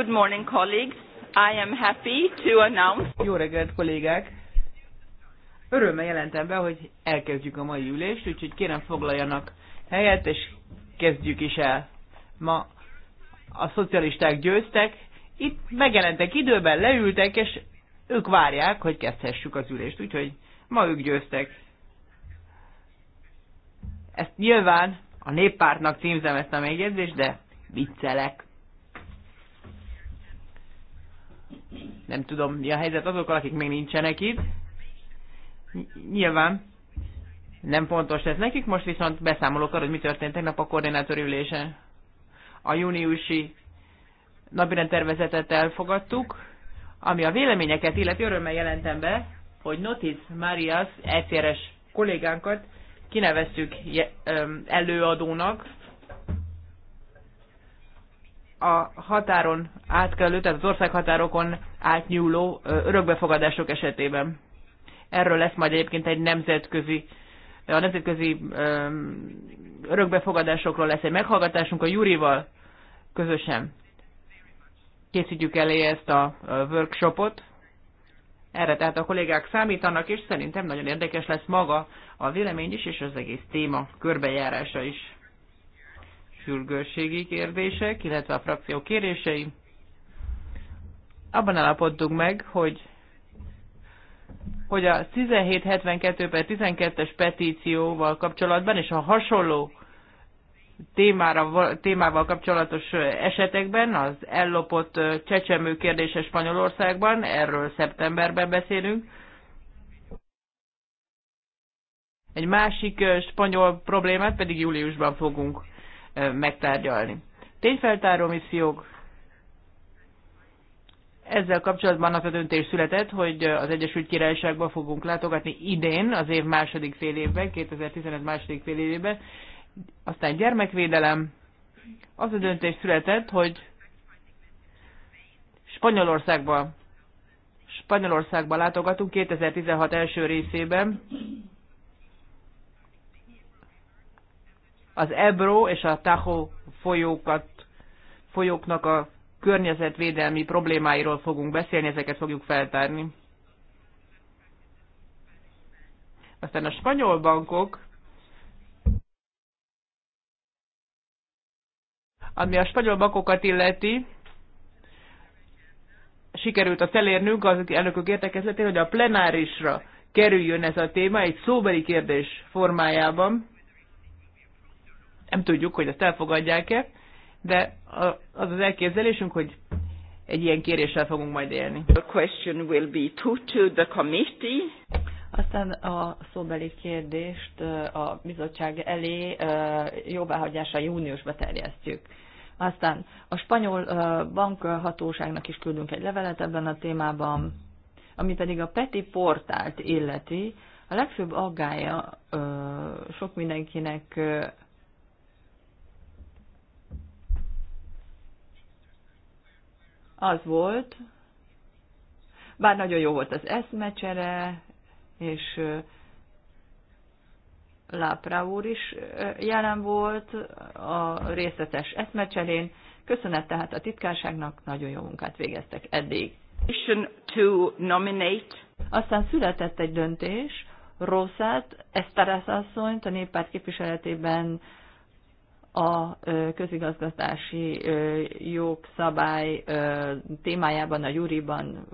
Good morning, colleagues. I am happy to announce... Jó reggelt, kollégák! Örömmel jelentem be, hogy elkezdjük a mai ülést, úgyhogy kérem foglaljanak helyet, és kezdjük is el. Ma a szocialisták győztek, itt megjelentek időben, leültek, és ők várják, hogy kezdhessük az ülést, úgyhogy ma ők győztek. Ezt nyilván a néppártnak címzem ezt a megjegyzést, de viccelek. nem tudom mi a helyzet azokkal, akik még nincsenek itt. Nyilván nem fontos ez nekik, most viszont beszámolok arra, hogy mi történt tegnap a koordinátori ülésen. A júniusi napirend tervezetet elfogadtuk, ami a véleményeket illetve örömmel jelentem be, hogy Notiz, Marias ECRS kollégánkat kineveztük előadónak a határon átkelő, tehát az országhatárokon átnyúló örökbefogadások esetében. Erről lesz majd egyébként egy nemzetközi a nemzetközi örökbefogadásokról lesz egy meghallgatásunk a Jurival közösen. Készítjük elé ezt a workshopot. Erre tehát a kollégák számítanak, és szerintem nagyon érdekes lesz maga a vélemény is, és az egész téma körbejárása is sürgősségi kérdések, illetve a frakció kérései. Abban állapodtunk meg, hogy hogy a 1772 per 12-es petícióval kapcsolatban és a hasonló témára, témával kapcsolatos esetekben, az ellopott csecsemő kérdése Spanyolországban, erről szeptemberben beszélünk. Egy másik spanyol problémát pedig júliusban fogunk megtárgyalni. Tényfeltáró missziók. Ezzel kapcsolatban az a döntés született, hogy az Egyesült Királyságba fogunk látogatni idén, az év második fél évben, 2015 második fél évben. Aztán gyermekvédelem. Az a döntés született, hogy Spanyolországba Spanyolországba látogatunk 2016 első részében. az Ebro és a Tahoe folyókat, folyóknak a környezetvédelmi problémáiról fogunk beszélni, ezeket fogjuk feltárni. Aztán a spanyol bankok, ami a spanyol bankokat illeti, sikerült a felérnünk az elnökök értekezletén, hogy a plenárisra kerüljön ez a téma egy szóbeli kérdés formájában nem tudjuk, hogy ezt elfogadják-e, de az az elképzelésünk, hogy egy ilyen kéréssel fogunk majd élni. A question will be to, to the committee. Aztán a szóbeli kérdést a bizottság elé jóváhagyása júniusba terjesztjük. Aztán a spanyol bankhatóságnak is küldünk egy levelet ebben a témában, ami pedig a PETI portált illeti. A legfőbb aggája sok mindenkinek az volt, bár nagyon jó volt az eszmecsere, és Lápra úr is jelen volt a részletes eszmecserén. Köszönet tehát a titkárságnak, nagyon jó munkát végeztek eddig. To nominate. Aztán született egy döntés, Rosszát, ezt asszonyt a néppárt képviseletében a közigazgatási jogszabály témájában, a júriban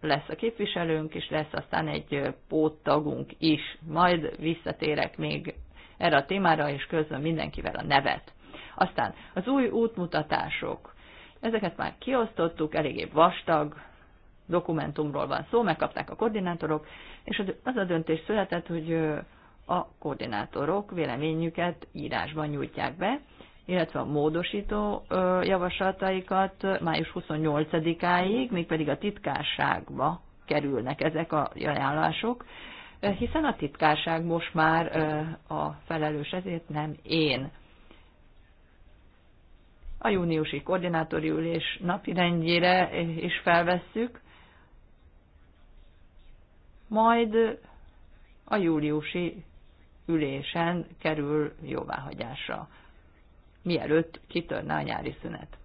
lesz a képviselőnk, és lesz aztán egy póttagunk is. Majd visszatérek még erre a témára, és közben mindenkivel a nevet. Aztán az új útmutatások. Ezeket már kiosztottuk, eléggé vastag dokumentumról van szó, megkapták a koordinátorok, és az a döntés született, hogy a koordinátorok véleményüket írásban nyújtják be, illetve a módosító javaslataikat május 28-áig, mégpedig a titkárságba kerülnek ezek a ajánlások, hiszen a titkárság most már a felelős ezért nem én. A júniusi koordinátori ülés napirendjére is felvesszük, majd a júliusi ülésen kerül jóváhagyásra, mielőtt kitörne a nyári szünet.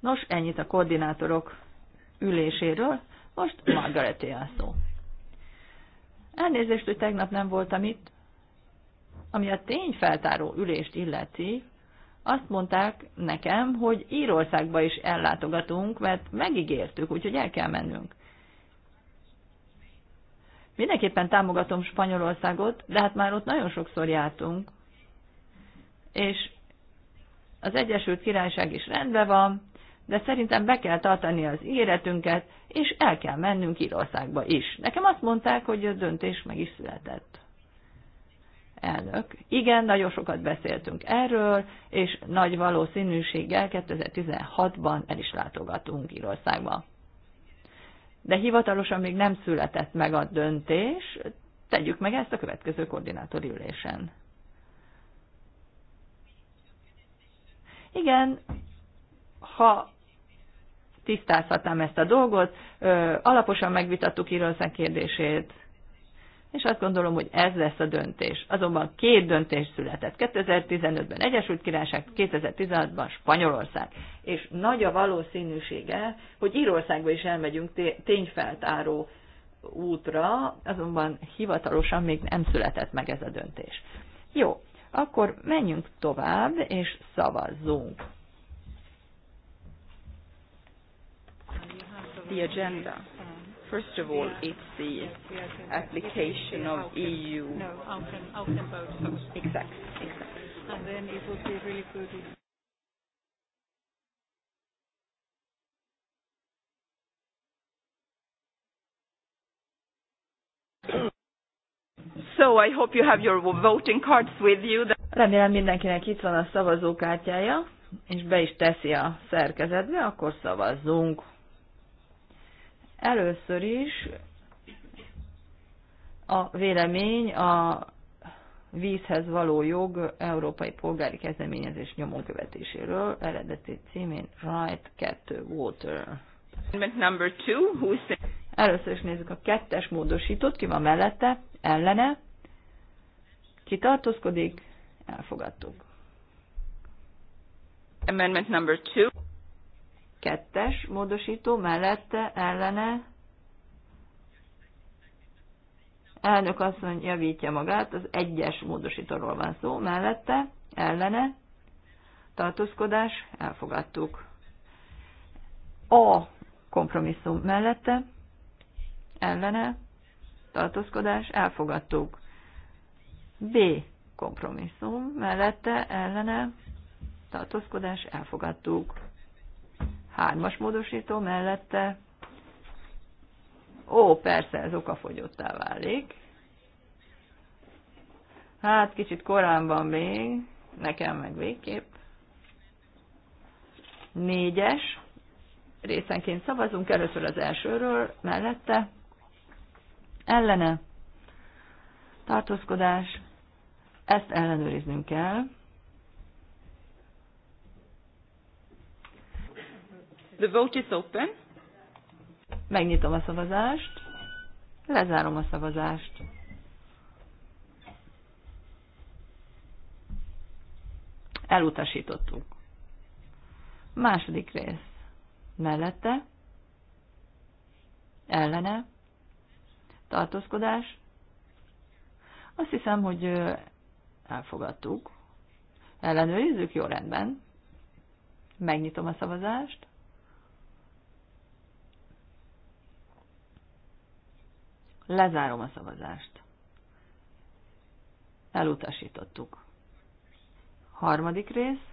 Nos, ennyit a koordinátorok üléséről, most Margareté a szó. Elnézést, hogy tegnap nem voltam itt. Ami a tényfeltáró ülést illeti, azt mondták nekem, hogy Írországba is ellátogatunk, mert megígértük, úgyhogy el kell mennünk. Mindenképpen támogatom Spanyolországot, de hát már ott nagyon sokszor jártunk. És az Egyesült Királyság is rendben van, de szerintem be kell tartani az ígéretünket, és el kell mennünk Írországba is. Nekem azt mondták, hogy a döntés meg is született. Elnök. Igen, nagyon sokat beszéltünk erről, és nagy valószínűséggel 2016-ban el is látogatunk Írországba de hivatalosan még nem született meg a döntés, tegyük meg ezt a következő koordinátori ülésen. Igen, ha tisztázhatnám ezt a dolgot, alaposan megvitattuk Ironszen kérdését, és azt gondolom, hogy ez lesz a döntés. Azonban két döntés született. 2015-ben Egyesült Királyság, 2016-ban Spanyolország. És nagy a valószínűsége, hogy Írországba is elmegyünk tényfeltáró útra, azonban hivatalosan még nem született meg ez a döntés. Jó, akkor menjünk tovább, és szavazzunk. The agenda. First of all, it's the application of EU. E no, out and, out and Exactly, exactly. And then it would be really good if So I hope you have your voting cards with you. Remélem mindenkinek itt van a szavazókártyája, és be is teszi a szerkezetbe, akkor szavazzunk. Először is a vélemény a vízhez való jog európai polgári kezdeményezés nyomonkövetéséről, eredeti címén Right 2 Water. Number two, Először is nézzük a kettes módosítót, ki van mellette, ellene, ki tartózkodik, elfogadtuk. Amendment number two. Kettes módosító mellette ellene elnök asszony javítja magát, az egyes módosítóról van szó, mellette ellene tartózkodás, elfogadtuk. A kompromisszum mellette ellene tartózkodás, elfogadtuk. B kompromisszum mellette ellene tartózkodás, elfogadtuk. Hármas módosító mellette. Ó, persze, ez okafogyottá válik. Hát, kicsit korán van még, nekem meg végképp. Négyes, részenként szavazunk, először az elsőről, mellette, ellene, tartózkodás, ezt ellenőriznünk kell. The vote is open. Megnyitom a szavazást. Lezárom a szavazást. Elutasítottuk. Második rész. Mellette. Ellene. Tartózkodás. Azt hiszem, hogy elfogadtuk. Ellenőrizzük, jó rendben. Megnyitom a szavazást. Lezárom a szavazást. Elutasítottuk. Harmadik rész.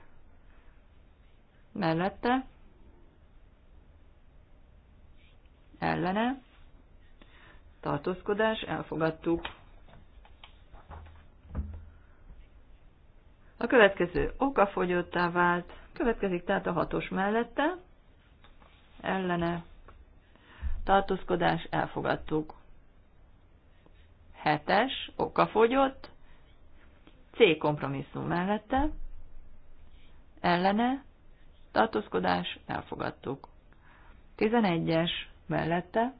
Mellette. Ellene. Tartózkodás. Elfogadtuk. A következő okafogyottá vált. Következik tehát a hatos mellette. Ellene. Tartózkodás. Elfogadtuk hetes, okafogyott, C kompromisszum mellette, ellene, tartózkodás, elfogadtuk. 11-es mellette,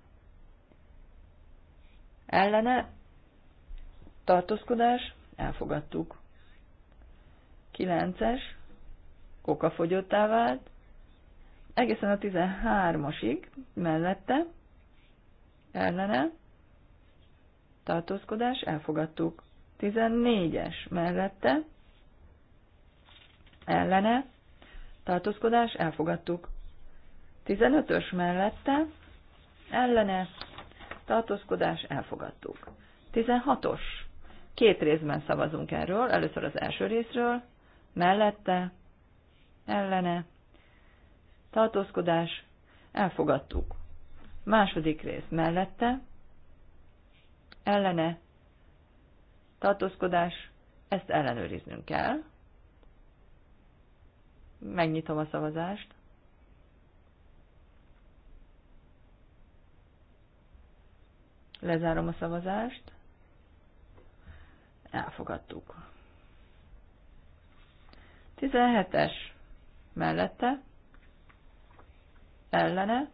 ellene, tartózkodás, elfogadtuk. 9-es, okafogyottá vált, egészen a 13-asig mellette, ellene, tartózkodás, elfogadtuk. 14-es mellette, ellene, tartózkodás, elfogadtuk. 15-ös mellette, ellene, tartózkodás, elfogadtuk. 16-os. Két részben szavazunk erről, először az első részről, mellette, ellene, tartózkodás, elfogadtuk. Második rész mellette, ellene tartózkodás, ezt ellenőriznünk kell. Megnyitom a szavazást. Lezárom a szavazást. Elfogadtuk. 17-es mellette, ellene,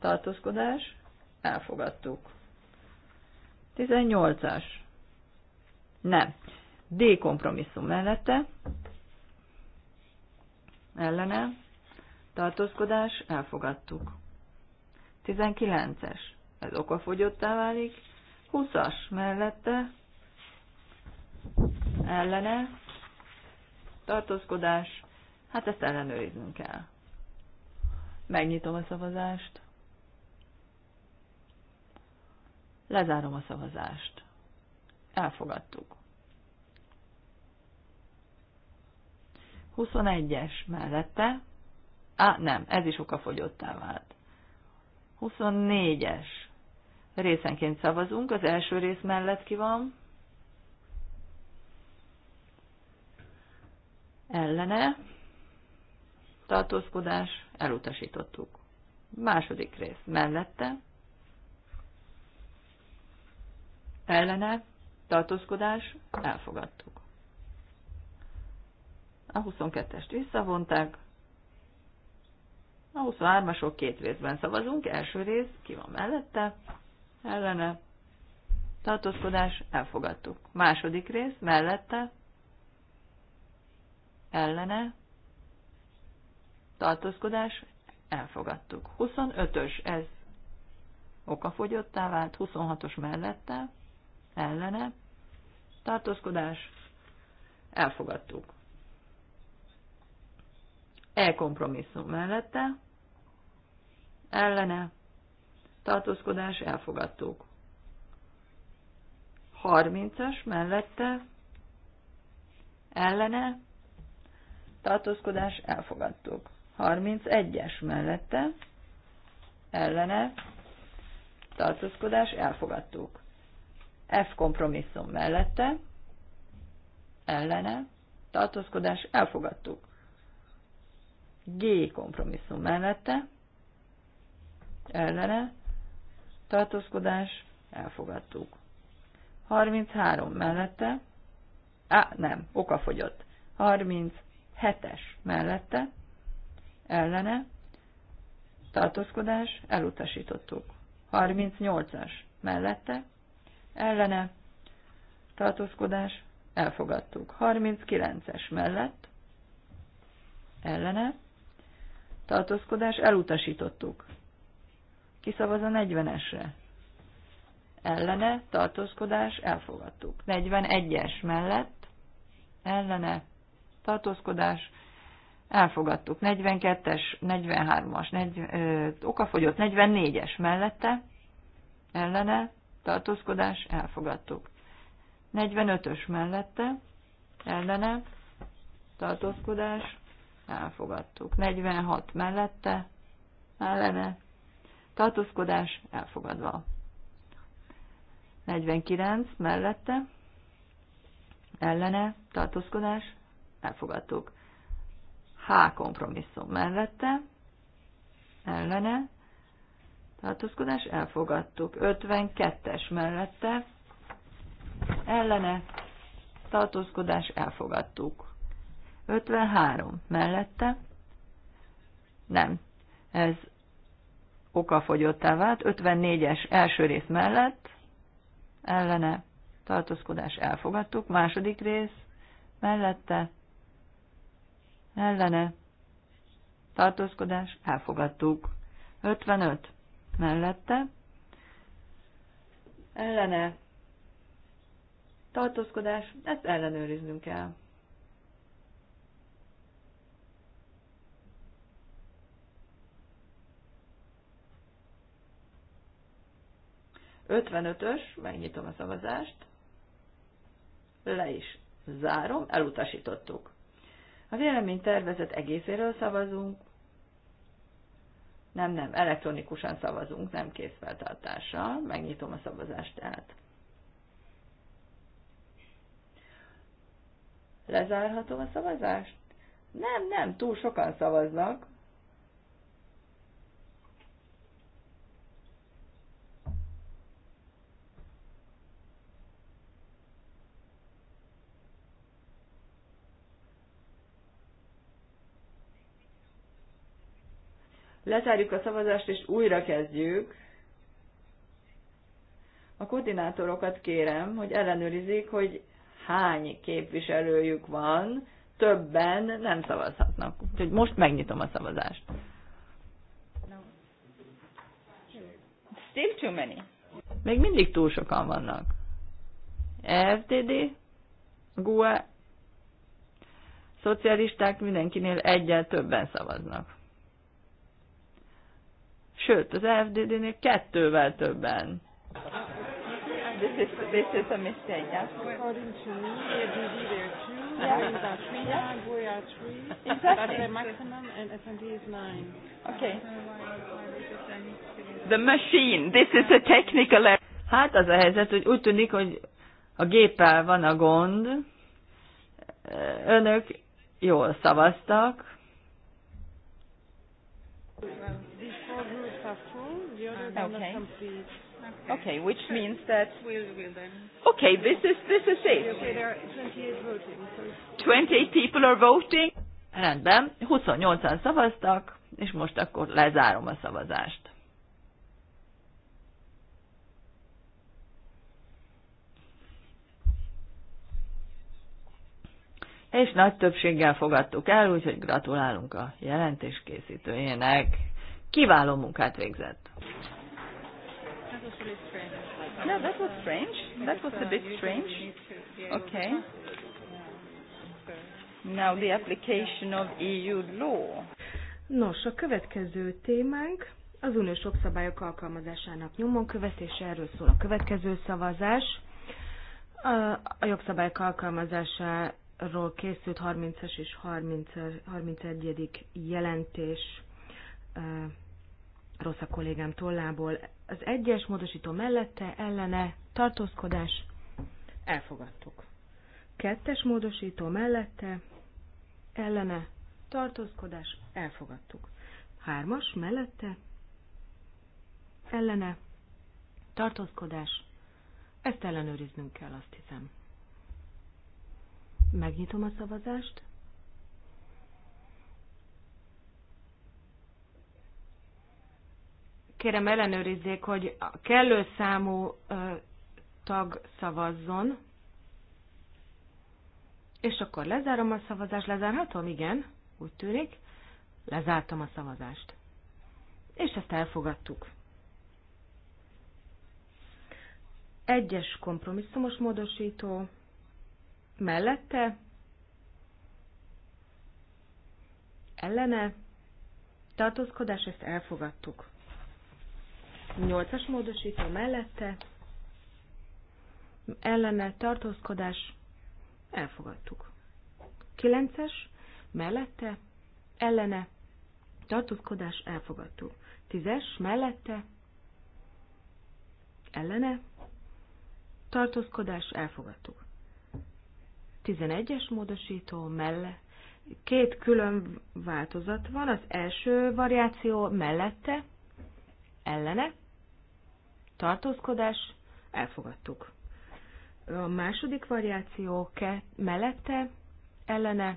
tartózkodás, elfogadtuk. 18-as. Nem. D kompromisszum mellette. Ellene. Tartózkodás. Elfogadtuk. 19-es. Ez okafogyottá válik. 20-as mellette. Ellene. Tartózkodás. Hát ezt ellenőriznünk kell. Megnyitom a szavazást. Lezárom a szavazást. Elfogadtuk. 21-es mellette. Á, nem, ez is okafogyottá vált. 24-es. Részenként szavazunk, az első rész mellett ki van. Ellene. Tartózkodás, elutasítottuk. Második rész mellette ellene, tartózkodás, elfogadtuk. A 22-est visszavonták, a 23-asok két részben szavazunk, első rész, ki van mellette, ellene, tartózkodás, elfogadtuk. Második rész, mellette, ellene, tartózkodás, elfogadtuk. 25-ös ez okafogyottá vált, 26-os mellette, ellene, tartózkodás, elfogadtuk. E kompromisszum mellette, ellene, tartózkodás, elfogadtuk. 30-as mellette, ellene, tartózkodás, elfogadtuk. 31-es mellette, ellene, tartózkodás, elfogadtuk. F kompromisszum mellette, ellene, tartózkodás, elfogadtuk. G kompromisszum mellette, ellene, tartózkodás, elfogadtuk. 33 mellette, á, nem, okafogyott. 37-es mellette, ellene, tartózkodás, elutasítottuk. 38-as mellette, ellene tartózkodás elfogadtuk. 39-es mellett ellene tartózkodás elutasítottuk. Kiszavaz a 40-esre. Ellene tartózkodás elfogadtuk. 41-es mellett ellene tartózkodás elfogadtuk. 42-es, 43-as, 40, ö, okafogyott 44-es mellette ellene tartózkodás, elfogadtuk. 45-ös mellette, ellene, tartózkodás, elfogadtuk. 46 mellette, ellene, tartózkodás, elfogadva. 49 mellette, ellene, tartózkodás, elfogadtuk. H kompromisszum mellette, ellene, tartózkodás elfogadtuk. 52-es mellette ellene tartózkodás elfogadtuk. 53 mellette nem, ez okafogyottá vált. 54-es első rész mellett ellene tartózkodás elfogadtuk. Második rész mellette ellene tartózkodás elfogadtuk. 55 mellette, ellene tartózkodás, ezt ellenőriznünk kell. Ötvenötös, megnyitom a szavazást, le is zárom, elutasítottuk. A vélemény tervezet egészéről szavazunk, nem, nem, elektronikusan szavazunk, nem készfeltartással. Megnyitom a szavazást tehát. Lezárhatom a szavazást? Nem, nem, túl sokan szavaznak. lezárjuk a szavazást és újra kezdjük. A koordinátorokat kérem, hogy ellenőrizzék, hogy hány képviselőjük van, többen nem szavazhatnak. Úgyhogy most megnyitom a szavazást. Still too many. Még mindig túl sokan vannak. FDD, GUE, szocialisták mindenkinél egyel többen szavaznak sőt, az FDD-nél kettővel többen. This is, this is a mistake. According to me, three, we are three. But the maximum and is nine. Okay. The machine. This is a technical... Hát az a helyzet, hogy úgy tűnik, hogy a géppel van a gond. Önök jól szavaztak. Well are full, the other ah. okay. are complete. Okay. okay, which means that. We'll, we'll then. Okay, this is this is it. Okay, there are 28 voting. So 28 people are voting. Rendben, 28-an szavaztak, és most akkor lezárom a szavazást. És nagy többséggel fogadtuk el, úgyhogy gratulálunk a jelentéskészítőjének. Kiváló munkát végzett. Yeah, that was strange. That was a bit strange. Okay. Now the application of EU law. Nos, a következő témánk az uniós jogszabályok alkalmazásának nyomon követése, erről szól a következő szavazás. A jogszabályok alkalmazásáról készült 30-es és 30 31. jelentés rossz a kollégám tollából. Az egyes módosító mellette ellene tartózkodás elfogadtuk. Kettes módosító mellette ellene tartózkodás elfogadtuk. Hármas mellette ellene tartózkodás ezt ellenőriznünk kell, azt hiszem. Megnyitom a szavazást. kérem ellenőrizzék, hogy kellő számú tag szavazzon. És akkor lezárom a szavazást, lezárhatom? Igen, úgy tűnik. Lezártam a szavazást. És ezt elfogadtuk. Egyes kompromisszumos módosító mellette, ellene, tartózkodás, ezt elfogadtuk. 8-as módosító mellette, ellene tartózkodás, elfogadtuk. 9-es mellette, ellene tartózkodás, elfogadtuk. 10-es mellette, ellene tartózkodás, elfogadtuk. 11-es módosító melle, két külön változat van, az első variáció mellette, ellene, tartózkodás, elfogadtuk. A második variáció ke, mellette, ellene,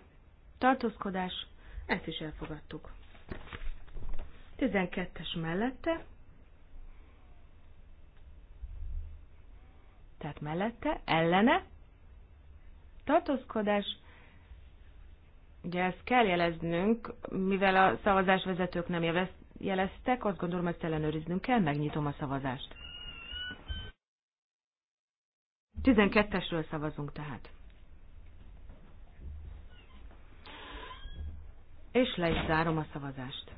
tartózkodás, ezt is elfogadtuk. 12-es mellette, tehát mellette, ellene, tartózkodás, ugye ezt kell jeleznünk, mivel a szavazásvezetők nem jeleztek, azt gondolom ezt ellenőriznünk kell, megnyitom a szavazást. 12-esről szavazunk tehát. És le is zárom a szavazást.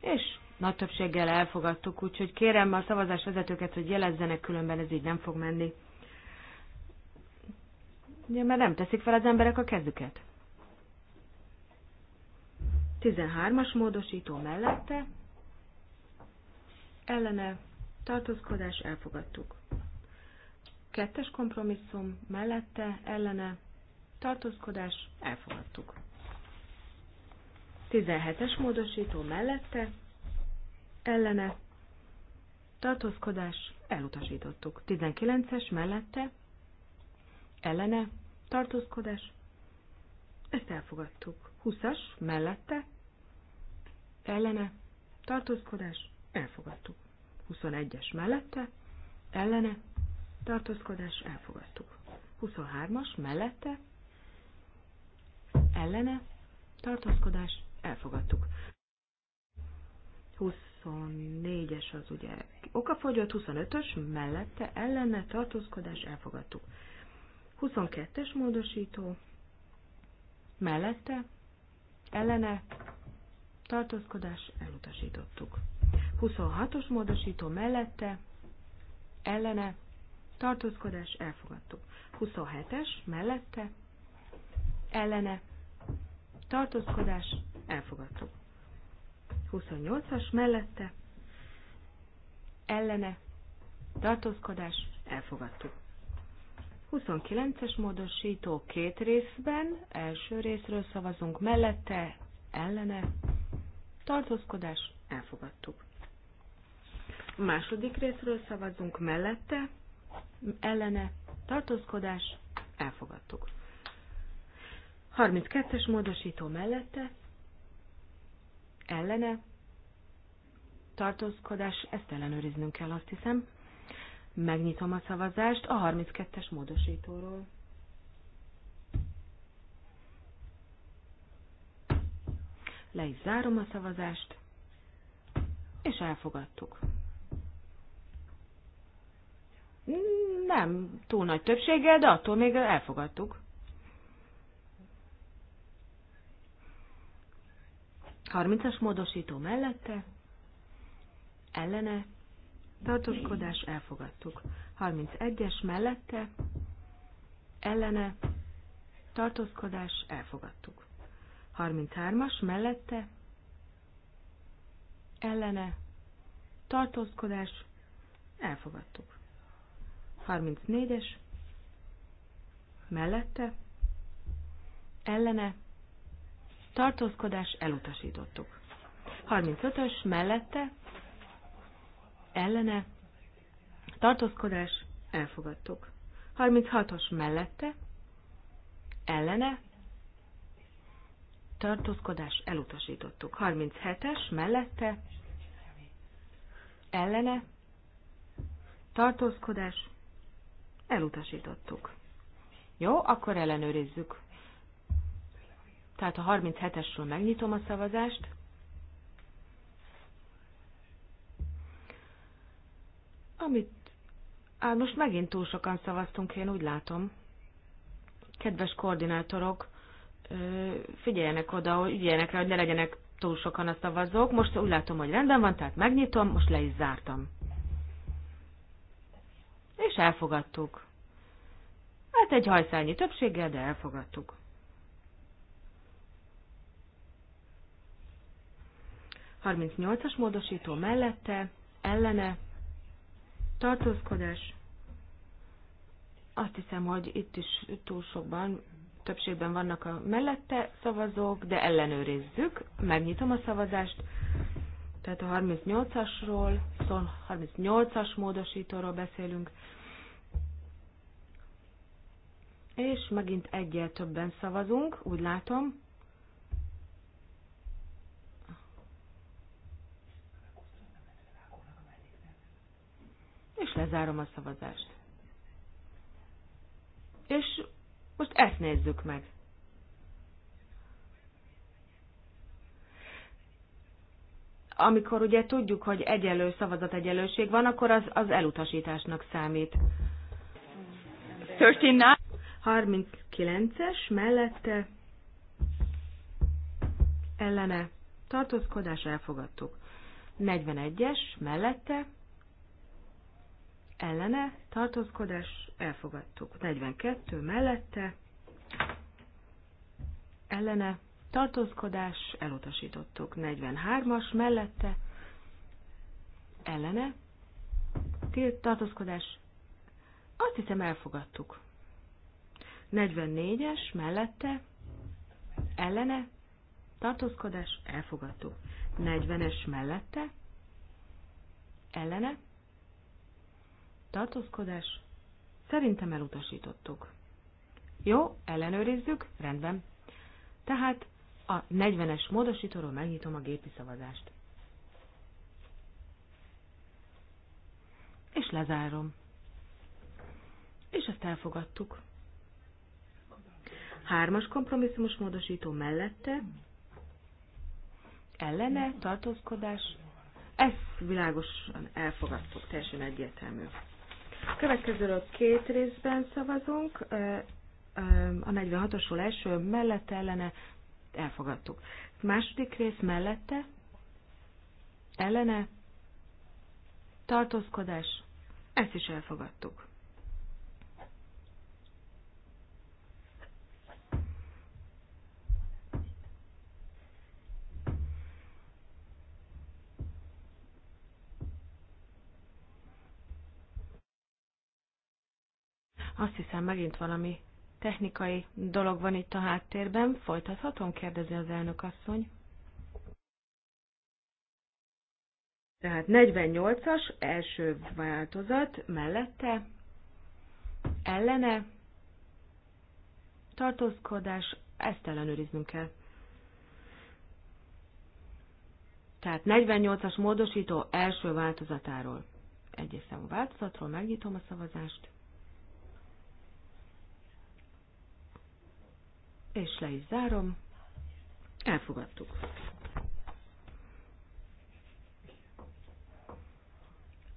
És nagy többséggel elfogadtuk, úgyhogy kérem a szavazás vezetőket, hogy jelezzenek, különben ez így nem fog menni. Ugye, mert nem teszik fel az emberek a kezüket. 13-as módosító mellette ellene tartózkodás elfogadtuk. Kettes kompromisszum mellette ellene tartózkodás elfogadtuk. 17-es módosító mellette ellene tartózkodás elutasítottuk. 19-es mellette ellene tartózkodás ezt elfogadtuk. 20-as mellette ellene, tartózkodás, elfogadtuk. 21-es mellette, ellene, tartózkodás, elfogadtuk. 23-as mellette, ellene, tartózkodás, elfogadtuk. 24-es az ugye okafogyott, 25-ös mellette, ellene, tartózkodás, elfogadtuk. 22-es módosító, mellette, ellene, tartózkodás, elutasítottuk. 26-os módosító mellette, ellene, tartózkodás, elfogadtuk. 27-es mellette, ellene, tartózkodás, elfogadtuk. 28-as mellette, ellene, tartózkodás, elfogadtuk. 29-es módosító két részben, első részről szavazunk mellette, ellene, tartózkodás, elfogadtuk. A második részről szavazunk mellette, ellene, tartózkodás, elfogadtuk. 32-es módosító mellette, ellene, tartózkodás, ezt ellenőriznünk kell, azt hiszem. Megnyitom a szavazást a 32-es módosítóról. Le is zárom a szavazást, és elfogadtuk. Nem túl nagy többséggel, de attól még elfogadtuk. Harmincas módosító mellette, ellene, tartózkodás elfogadtuk. 31-es mellette, ellene, tartózkodás elfogadtuk. 33-as mellette ellene tartózkodás elfogadtuk. 34-es mellette ellene tartózkodás elutasítottuk. 35-ös mellette ellene tartózkodás elfogadtuk. 36-os mellette ellene tartózkodás elutasítottuk. 37-es mellette ellene tartózkodás elutasítottuk. Jó, akkor ellenőrizzük. Tehát a 37-esről megnyitom a szavazást. Amit... Á, most megint túl sokan szavaztunk, én úgy látom. Kedves koordinátorok, figyeljenek oda, hogy ügyeljenek rá, hogy ne legyenek túl sokan a szavazók. Most úgy látom, hogy rendben van, tehát megnyitom, most le is zártam. És elfogadtuk. Hát egy hajszányi többséggel, de elfogadtuk. Harmincnyolcas módosító mellette, ellene, tartózkodás. Azt hiszem, hogy itt is túl sokban többségben vannak a mellette szavazók, de ellenőrizzük, megnyitom a szavazást, tehát a 38-asról, 38-as szóval módosítóról beszélünk, és megint egyel többen szavazunk, úgy látom. És lezárom a szavazást. És most ezt nézzük meg. Amikor ugye tudjuk, hogy egyenlő egyenlőség van, akkor az, az elutasításnak számít. 39-es mellette ellene tartózkodás elfogadtuk. 41-es mellette ellene, tartózkodás, elfogadtuk. 42 mellette, ellene, tartózkodás, elutasítottuk. 43-as mellette, ellene, tilt, tartózkodás, azt hiszem elfogadtuk. 44-es mellette, ellene, tartózkodás, elfogadtuk. 40-es mellette, ellene, tartózkodás, szerintem elutasítottuk. Jó, ellenőrizzük, rendben. Tehát a 40-es módosítóról megnyitom a gépi szavazást. És lezárom. És ezt elfogadtuk. Hármas kompromisszumos módosító mellette, ellene, tartózkodás, ezt világosan elfogadtuk, teljesen egyértelmű. Következőről két részben szavazunk. A 46-osról első mellette ellene elfogadtuk. Második rész mellette ellene tartózkodás, ezt is elfogadtuk. Azt hiszem, megint valami technikai dolog van itt a háttérben. Folytathatom? kérdezi az elnök asszony. Tehát 48-as első változat mellette ellene tartózkodás, ezt ellenőriznünk kell. Tehát 48-as módosító első változatáról. Egyes számú változatról megnyitom a szavazást. és le is zárom. Elfogadtuk.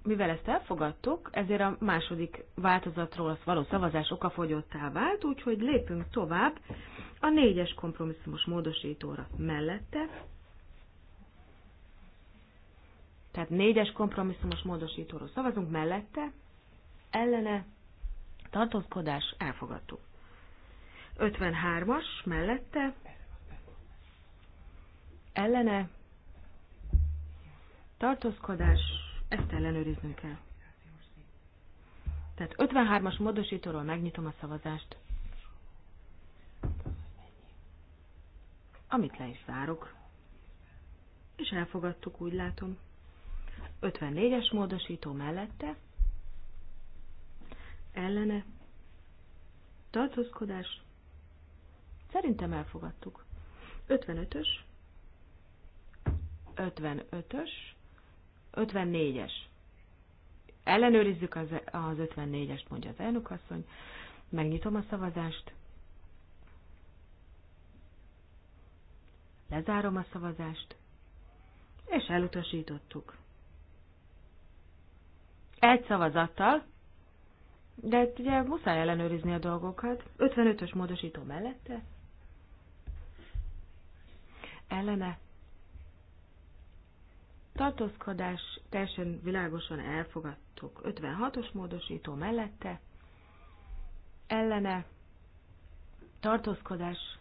Mivel ezt elfogadtuk, ezért a második változatról az való szavazás okafogyottá vált, úgyhogy lépünk tovább a négyes kompromisszumos módosítóra mellette. Tehát négyes kompromisszumos módosítóról szavazunk mellette, ellene tartózkodás elfogadtuk. 53-as mellette, ellene, tartózkodás, ezt ellenőriznünk kell. Tehát 53-as módosítóról megnyitom a szavazást. Amit le is zárok. És elfogadtuk, úgy látom. 54-es módosító mellette. Ellene. Tartózkodás. Szerintem elfogadtuk. 55-ös, 55-ös, 54-es. Ellenőrizzük az, az 54-est, mondja az elnökasszony. Megnyitom a szavazást. Lezárom a szavazást. És elutasítottuk. Egy szavazattal, de ugye muszáj ellenőrizni a dolgokat. 55-ös módosító mellette, ellene tartózkodás teljesen világosan elfogadtuk. 56-os módosító mellette ellene tartózkodás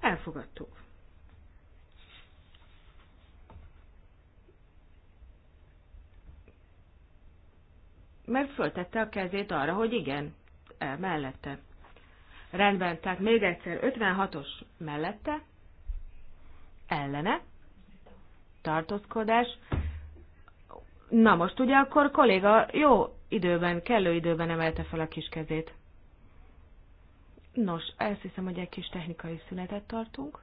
elfogadtuk. Mert föltette a kezét arra, hogy igen, e, mellette. Rendben, tehát még egyszer 56-os mellette, ellene, tartózkodás. Na most ugye akkor kolléga jó időben, kellő időben emelte fel a kis kezét. Nos, ezt hiszem, hogy egy kis technikai szünetet tartunk.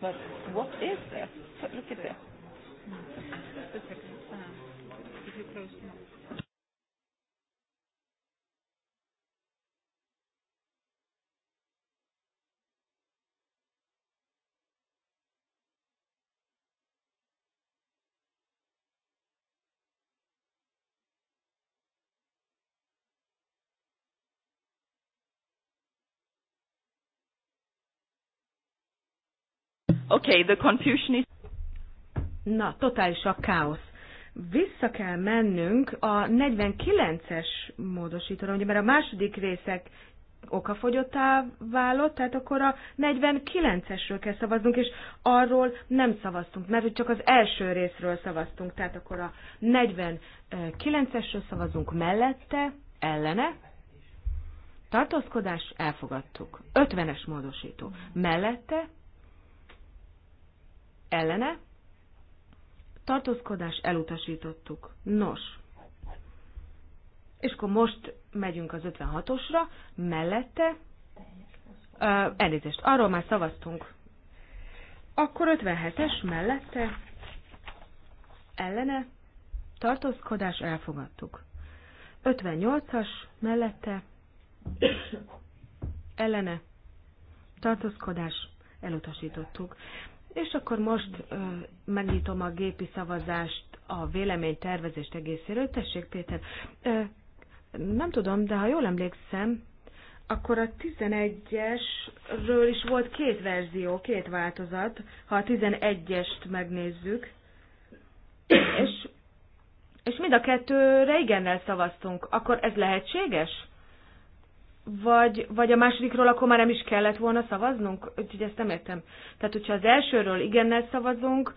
But what is this? Look at this. Okay, the Confucianist. Na, totális a káosz. Vissza kell mennünk a 49-es módosítóra, ugye, mert a második részek okafogyottá válott, tehát akkor a 49-esről kell szavaznunk, és arról nem szavaztunk, mert hogy csak az első részről szavaztunk, tehát akkor a 49-esről szavazunk mellette, ellene, tartózkodás, elfogadtuk. 50-es módosító, mellette, ellene, tartózkodás, elutasítottuk. Nos, és akkor most megyünk az 56-osra, mellette, uh, elnézést, arról már szavaztunk. Akkor 57-es mellette, ellene, tartózkodás, elfogadtuk. 58-as mellette, ellene, tartózkodás, elutasítottuk. És akkor most ö, megnyitom a gépi szavazást a véleménytervezést egészéről. Tessék, Péter, ö, nem tudom, de ha jól emlékszem, akkor a 11-esről is volt két verzió, két változat, ha a 11-est megnézzük. És, és mind a kettőre igennel szavaztunk. Akkor ez lehetséges? vagy, vagy a másodikról akkor már nem is kellett volna szavaznunk? Úgyhogy ezt nem értem. Tehát, hogyha az elsőről igennel szavazunk,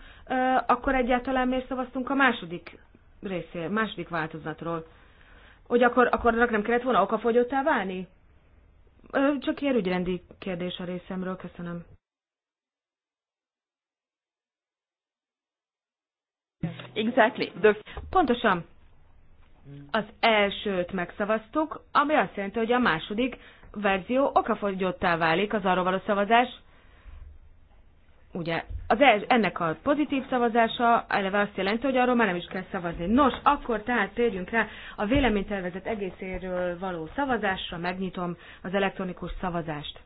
akkor egyáltalán miért szavaztunk a második részéről, második változatról? Hogy akkor, akkor annak nem kellett volna okafogyottá válni? Csak ilyen ügyrendi kérdés a részemről, köszönöm. Exactly. The... Pontosan. Az elsőt megszavaztuk, ami azt jelenti, hogy a második verzió okafogyottá válik az arról való szavazás. Ugye, az el, ennek a pozitív szavazása eleve azt jelenti, hogy arról már nem is kell szavazni. Nos, akkor tehát térjünk rá a véleménytervezet egészéről való szavazásra, megnyitom az elektronikus szavazást.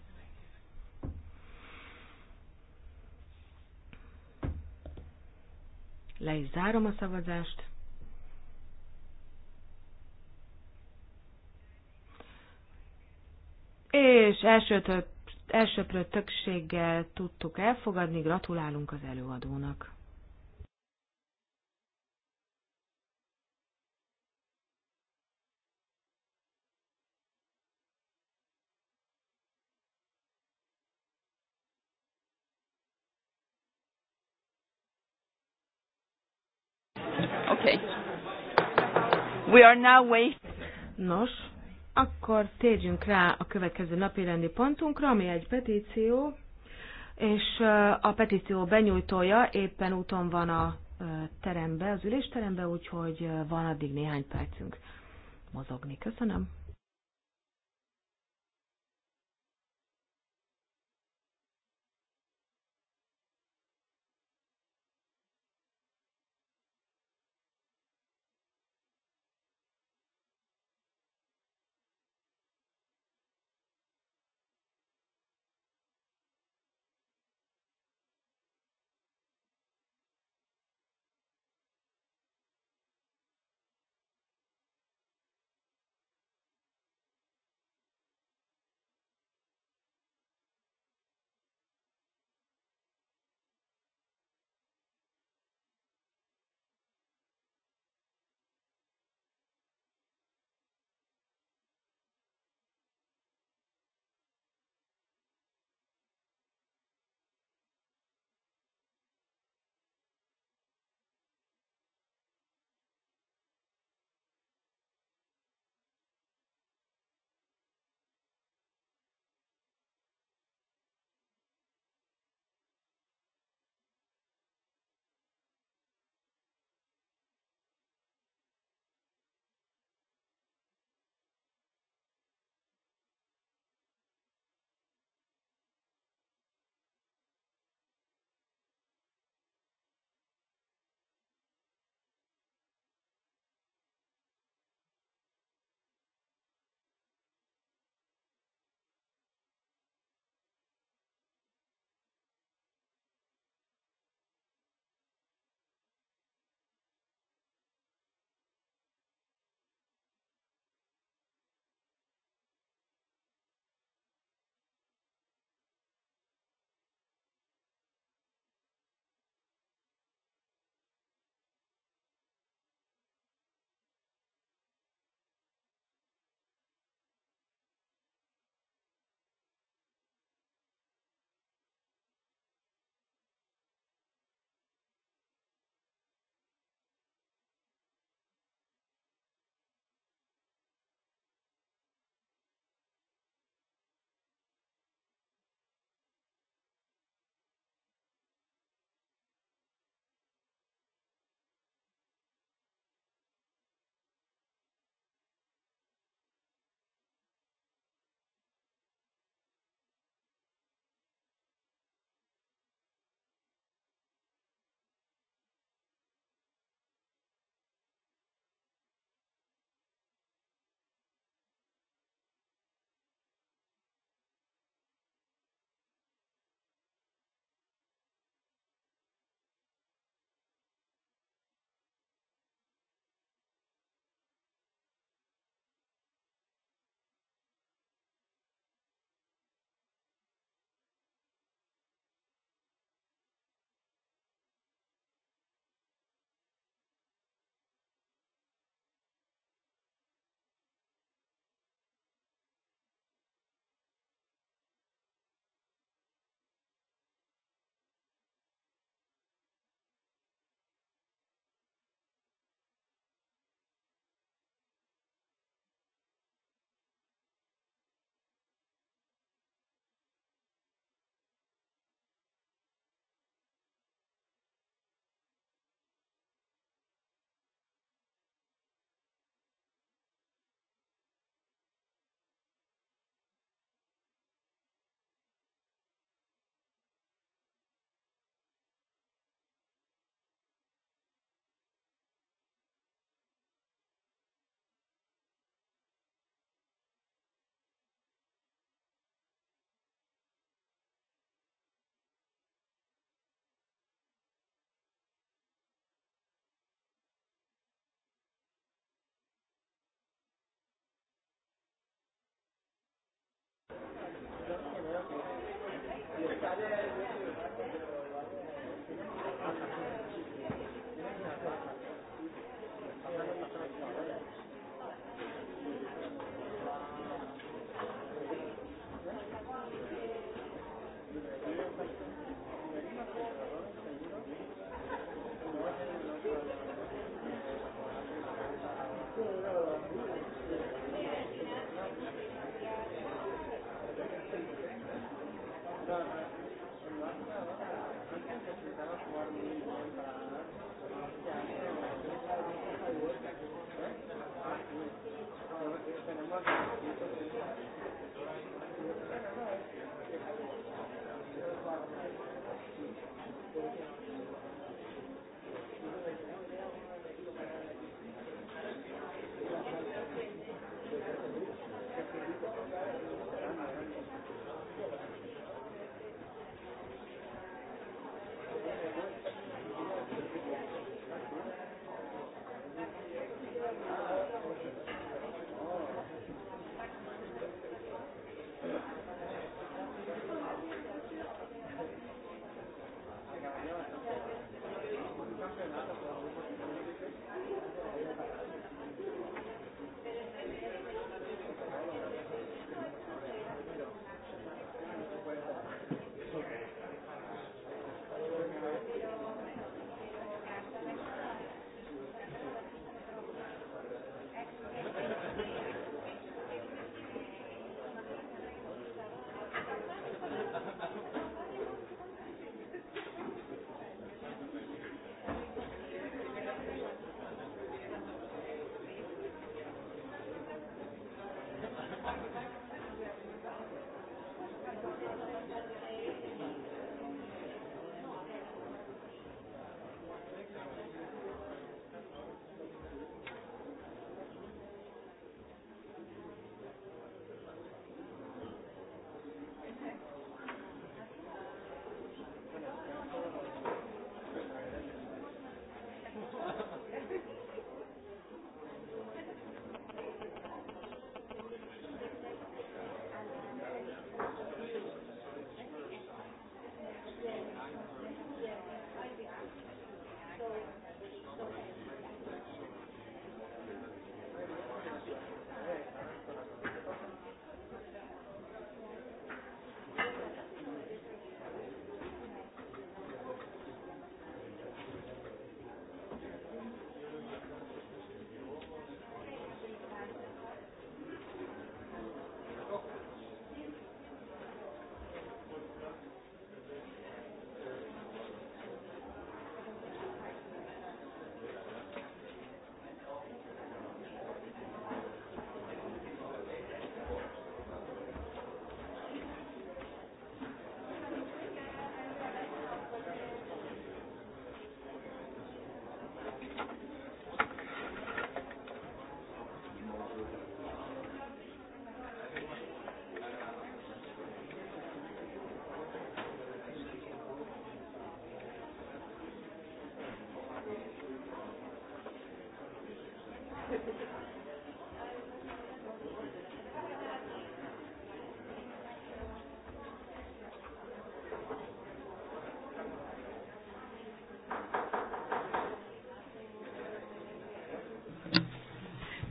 Le is zárom a szavazást. és elsőtől, elsőprő tökséggel tudtuk elfogadni, gratulálunk az előadónak. Okay. We are now waiting. Nos, akkor térjünk rá a következő napi rendi pontunkra, ami egy petíció, és a petíció benyújtója éppen úton van a terembe, az ülésterembe, úgyhogy van addig néhány percünk mozogni. Köszönöm.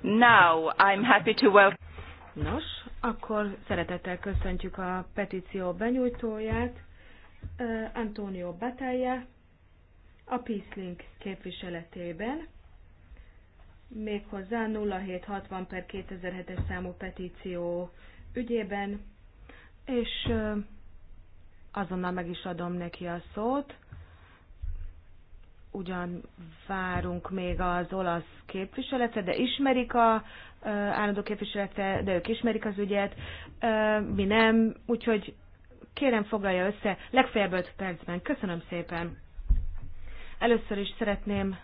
Now, I'm happy to welcome. Nos, akkor szeretettel köszöntjük a petíció benyújtóját, Antonio Batalla, a Peace Link képviseletében méghozzá 0760 per 2007-es számú petíció ügyében, és azonnal meg is adom neki a szót. Ugyan várunk még az olasz képviseletre, de ismerik a állandó képviseletre, de ők ismerik az ügyet, mi nem, úgyhogy kérem foglalja össze, legfeljebb 5 percben. Köszönöm szépen! Először is szeretném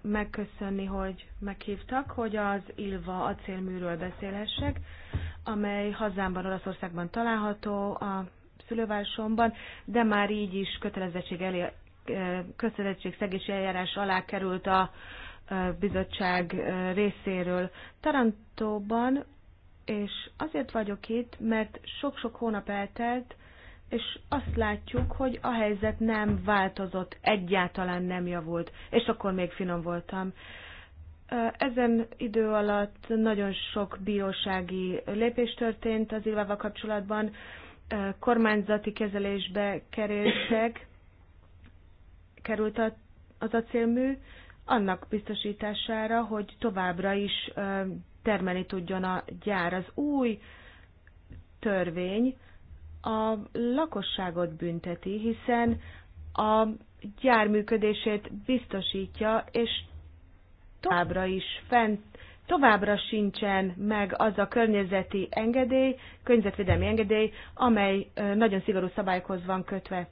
megköszönni, hogy meghívtak, hogy az Ilva acélműről beszélhessek, amely hazámban, Olaszországban található, a szülővárosomban, de már így is kötelezettség elé, szegési eljárás alá került a bizottság részéről Tarantóban, és azért vagyok itt, mert sok-sok hónap eltelt és azt látjuk, hogy a helyzet nem változott, egyáltalán nem javult, és akkor még finom voltam. Ezen idő alatt nagyon sok bírósági lépés történt az Ilvával kapcsolatban, kormányzati kezelésbe kerültek, került az acélmű, annak biztosítására, hogy továbbra is termelni tudjon a gyár. Az új törvény a lakosságot bünteti, hiszen a gyár működését biztosítja, és továbbra is fent, továbbra sincsen meg az a környezeti engedély, környezetvédelmi engedély, amely nagyon szigorú szabályokhoz van kötve.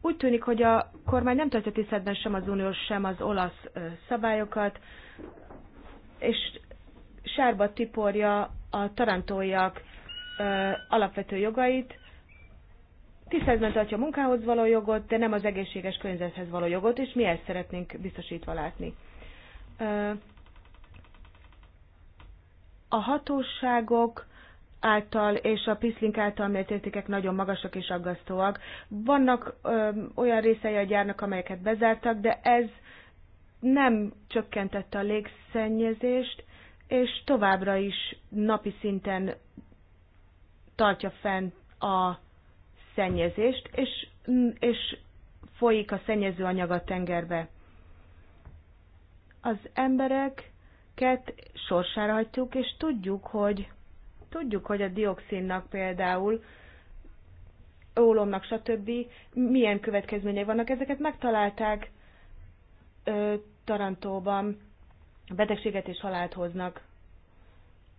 Úgy tűnik, hogy a kormány nem tartja tiszteletben sem az uniós, sem az olasz szabályokat, és sárba tiporja a tarantóiak alapvető jogait, tiszteletben tartja a munkához való jogot, de nem az egészséges környezethez való jogot, és mi ezt szeretnénk biztosítva látni. A hatóságok által és a piszlink által mért értékek nagyon magasak és aggasztóak. Vannak ö, olyan részei a gyárnak, amelyeket bezártak, de ez nem csökkentette a légszennyezést, és továbbra is napi szinten tartja fent a szennyezést, és, és folyik a szennyező anyag a tengerbe. Az embereket sorsára hagyjuk, és tudjuk, hogy tudjuk, hogy a dioxinnak például, ólomnak, stb. milyen következményei vannak. Ezeket megtalálták ö, Tarantóban, betegséget és halált hoznak.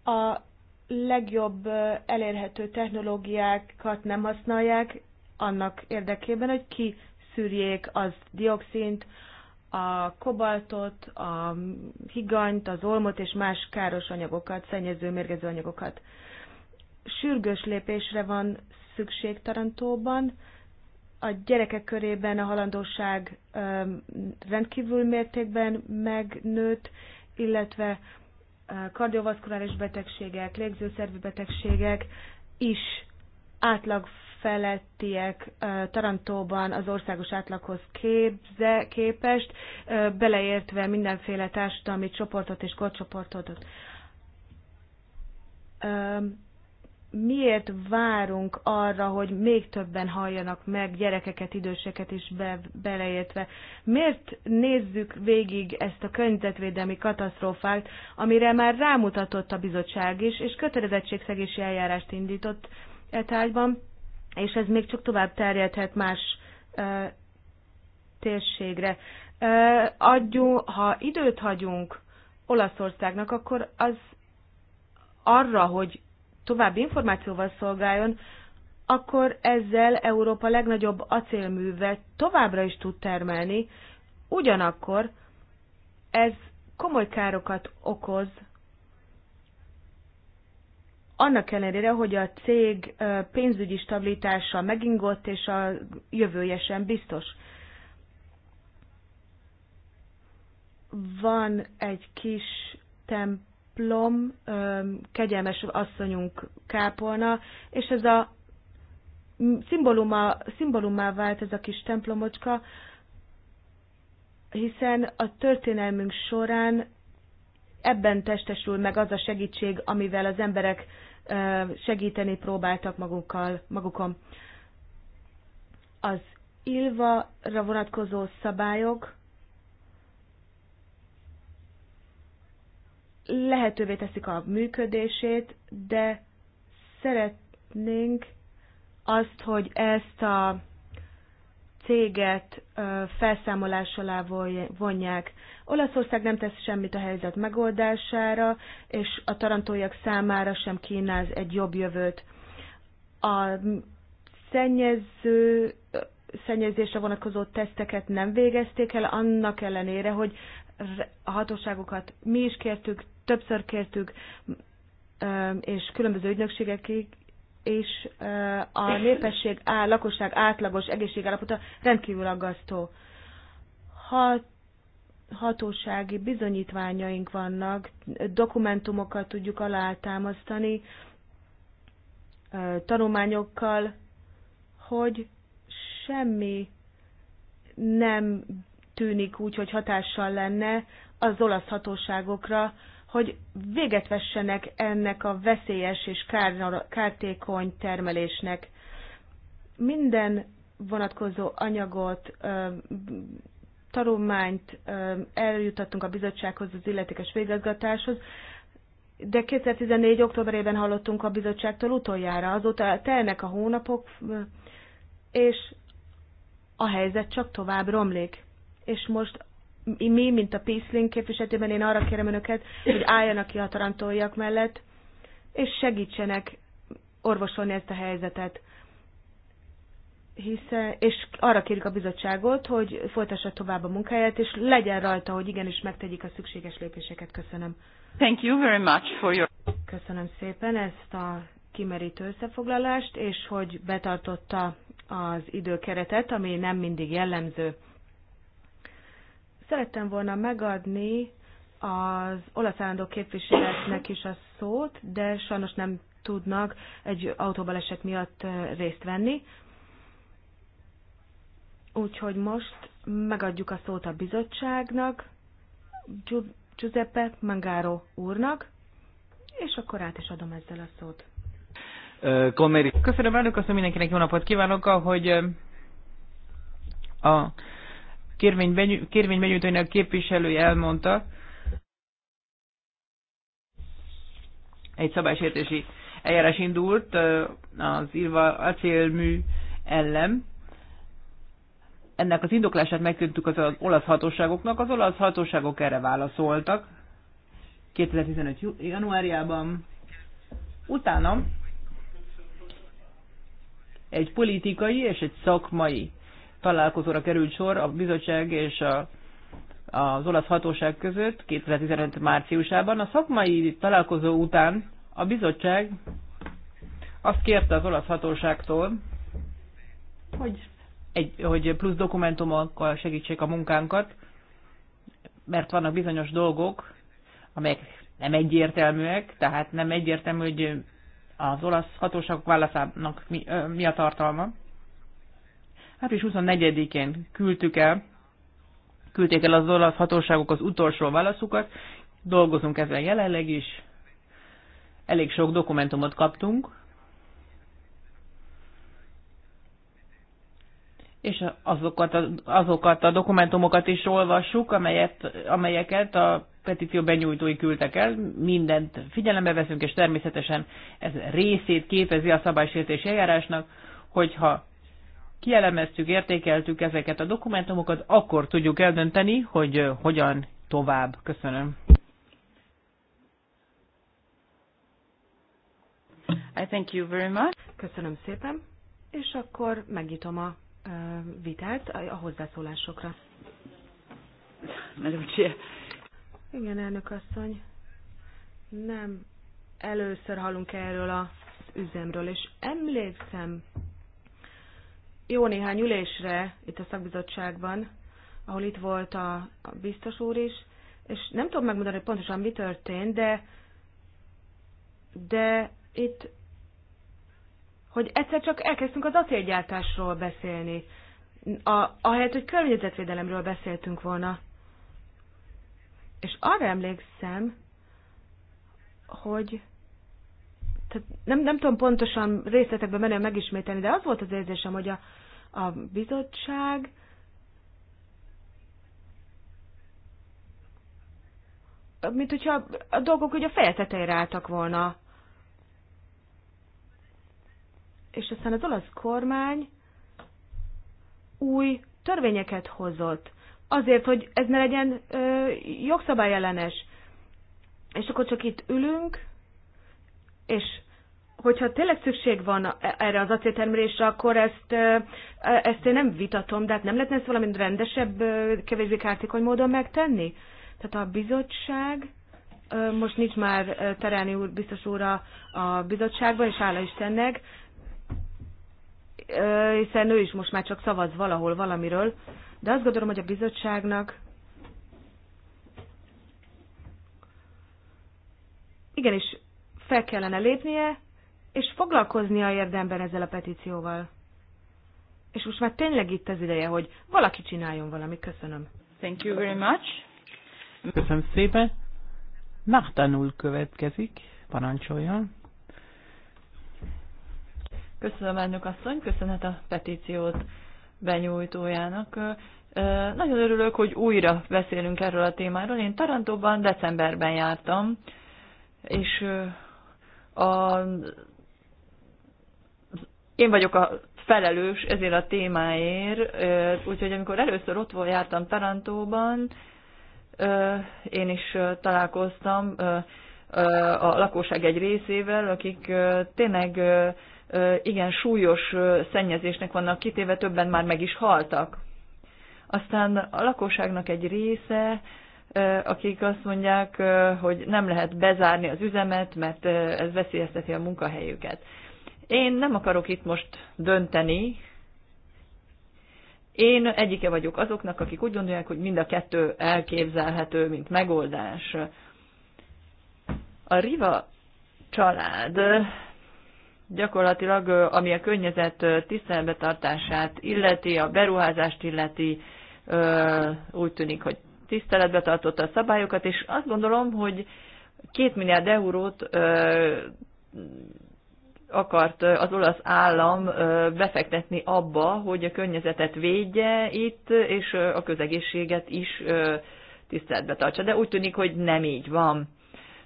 A legjobb elérhető technológiákat nem használják annak érdekében, hogy ki szűrjék az dioxint, a kobaltot, a higanyt, az olmot és más káros anyagokat, szennyező mérgező anyagokat. Sürgős lépésre van szükség Tarantóban, a gyerekek körében a halandóság rendkívül mértékben megnőtt, illetve kardiovaszkuláris betegségek, légzőszervi betegségek is átlag felettiek Tarantóban az országos átlaghoz képze, képest, beleértve mindenféle társadalmi csoportot és korcsoportot miért várunk arra, hogy még többen halljanak meg gyerekeket, időseket is be, beleértve? Miért nézzük végig ezt a környezetvédelmi katasztrófát, amire már rámutatott a bizottság is, és kötelezettségszegési eljárást indított e tárgyban, és ez még csak tovább terjedhet más ö, e, térségre. Ö, e, adjunk, ha időt hagyunk Olaszországnak, akkor az arra, hogy további információval szolgáljon, akkor ezzel Európa legnagyobb acélműve továbbra is tud termelni, ugyanakkor ez komoly károkat okoz, annak ellenére, hogy a cég pénzügyi stabilitása megingott, és a jövője sem biztos. Van egy kis temp templom, kegyelmes asszonyunk kápolna, és ez a szimbóluma, szimbólumá vált ez a kis templomocska, hiszen a történelmünk során ebben testesül meg az a segítség, amivel az emberek segíteni próbáltak magukkal, magukon. Az ilva vonatkozó szabályok lehetővé teszik a működését, de szeretnénk azt, hogy ezt a céget felszámolás alá vonják. Olaszország nem tesz semmit a helyzet megoldására, és a tarantóiak számára sem kínál egy jobb jövőt. A szennyező, szennyezésre vonatkozó teszteket nem végezték el, annak ellenére, hogy a hatóságokat mi is kértük, többször kértük, és különböző ügynökségekig és a népesség, á, lakosság átlagos egészségállapota rendkívül aggasztó. Hat, hatósági bizonyítványaink vannak, dokumentumokat tudjuk alátámasztani, tanulmányokkal, hogy semmi nem tűnik úgy, hogy hatással lenne az olasz hatóságokra, hogy véget vessenek ennek a veszélyes és kártékony termelésnek. Minden vonatkozó anyagot, tanulmányt eljutattunk a bizottsághoz, az illetékes végazgatáshoz, de 2014. októberében hallottunk a bizottságtól utoljára, azóta telnek a hónapok, és a helyzet csak tovább romlik. És most mi, mint a Peace Link képviseletében én arra kérem önöket, hogy álljanak ki a tarantóiak mellett, és segítsenek orvosolni ezt a helyzetet. Hiszen, és arra kérjük a bizottságot, hogy folytassa tovább a munkáját, és legyen rajta, hogy igenis megtegyik a szükséges lépéseket. Köszönöm. Thank you very much for your... Köszönöm szépen ezt a kimerítő összefoglalást, és hogy betartotta az időkeretet, ami nem mindig jellemző. Szerettem volna megadni az olasz állandó képviseletnek is a szót, de sajnos nem tudnak egy autóbaleset miatt részt venni. Úgyhogy most megadjuk a szót a bizottságnak, Giuseppe Mangaro úrnak, és akkor át is adom ezzel a szót. Köszönöm elnök, köszönöm mindenkinek, jó napot kívánok, ahogy a kérvénybenyújtóinak képviselője elmondta, egy szabálysértési eljárás indult az írva acélmű ellen. Ennek az indoklását megküldtük az olasz hatóságoknak. Az olasz hatóságok erre válaszoltak 2015. januárjában. Utána egy politikai és egy szakmai találkozóra került sor a bizottság és a, az olasz hatóság között 2015 márciusában. A szakmai találkozó után a bizottság azt kérte az olasz hatóságtól, hogy, egy, hogy plusz dokumentumokkal segítsék a munkánkat, mert vannak bizonyos dolgok, amelyek nem egyértelműek, tehát nem egyértelmű, hogy az olasz hatóságok válaszának mi, ö, mi a tartalma. Április 24-én küldtük el, küldték el az olasz hatóságok az utolsó válaszukat, dolgozunk ezzel jelenleg is, elég sok dokumentumot kaptunk, és azokat a, azokat a dokumentumokat is olvassuk, amelyet, amelyeket a petíció benyújtói küldtek el. Mindent figyelembe veszünk, és természetesen ez részét képezi a szabálysértési eljárásnak, hogyha kielemeztük, értékeltük ezeket a dokumentumokat, akkor tudjuk eldönteni, hogy hogyan tovább. Köszönöm. I thank you very much. Köszönöm szépen, és akkor megnyitom a vitát a hozzászólásokra. Igen, elnök asszony. Nem először hallunk erről az üzemről, és emlékszem jó néhány ülésre itt a szakbizottságban, ahol itt volt a, a biztos úr is, és nem tudom megmondani, hogy pontosan mi történt, de, de itt, hogy egyszer csak elkezdtünk az acélgyártásról beszélni, a, ahelyett, hogy környezetvédelemről beszéltünk volna. És arra emlékszem, hogy tehát nem, nem tudom pontosan részletekbe menően megismételni, de az volt az érzésem, hogy a, a bizottság mint hogyha a dolgok ugye a feje tetejre álltak volna. És aztán az olasz kormány új törvényeket hozott. Azért, hogy ez ne legyen ö, jogszabályellenes. És akkor csak itt ülünk, és hogyha tényleg szükség van e- erre az acéltermelésre, akkor ezt, e- ezt én nem vitatom, de hát nem lehetne ezt valami rendesebb, kevésbé kártékony módon megtenni? Tehát a bizottság, most nincs már terelni úr, biztos úr a, a bizottságban, és hála Istennek, hiszen ő is most már csak szavaz valahol valamiről, de azt gondolom, hogy a bizottságnak igenis fel kellene lépnie, és foglalkoznia érdemben ezzel a petícióval. És most már tényleg itt az ideje, hogy valaki csináljon valamit. Köszönöm. Thank you very much. Köszönöm szépen. Nachtanul következik. Parancsoljon. Köszönöm, elnök asszony, köszönhet a petíciót benyújtójának. Nagyon örülök, hogy újra beszélünk erről a témáról. Én Tarantóban decemberben jártam, és a, én vagyok a felelős ezért a témáért, úgyhogy amikor először ott jártam Tarantóban, én is találkoztam a lakóság egy részével, akik tényleg igen súlyos szennyezésnek vannak kitéve, többen már meg is haltak. Aztán a lakosságnak egy része akik azt mondják, hogy nem lehet bezárni az üzemet, mert ez veszélyezteti a munkahelyüket. Én nem akarok itt most dönteni. Én egyike vagyok azoknak, akik úgy gondolják, hogy mind a kettő elképzelhető, mint megoldás. A Riva család gyakorlatilag, ami a környezet tiszteletbetartását illeti, a beruházást illeti, úgy tűnik, hogy tiszteletbe tartotta a szabályokat, és azt gondolom, hogy két milliárd eurót ö, akart az olasz állam befektetni abba, hogy a környezetet védje itt, és a közegészséget is tiszteletbe tartsa. De úgy tűnik, hogy nem így van.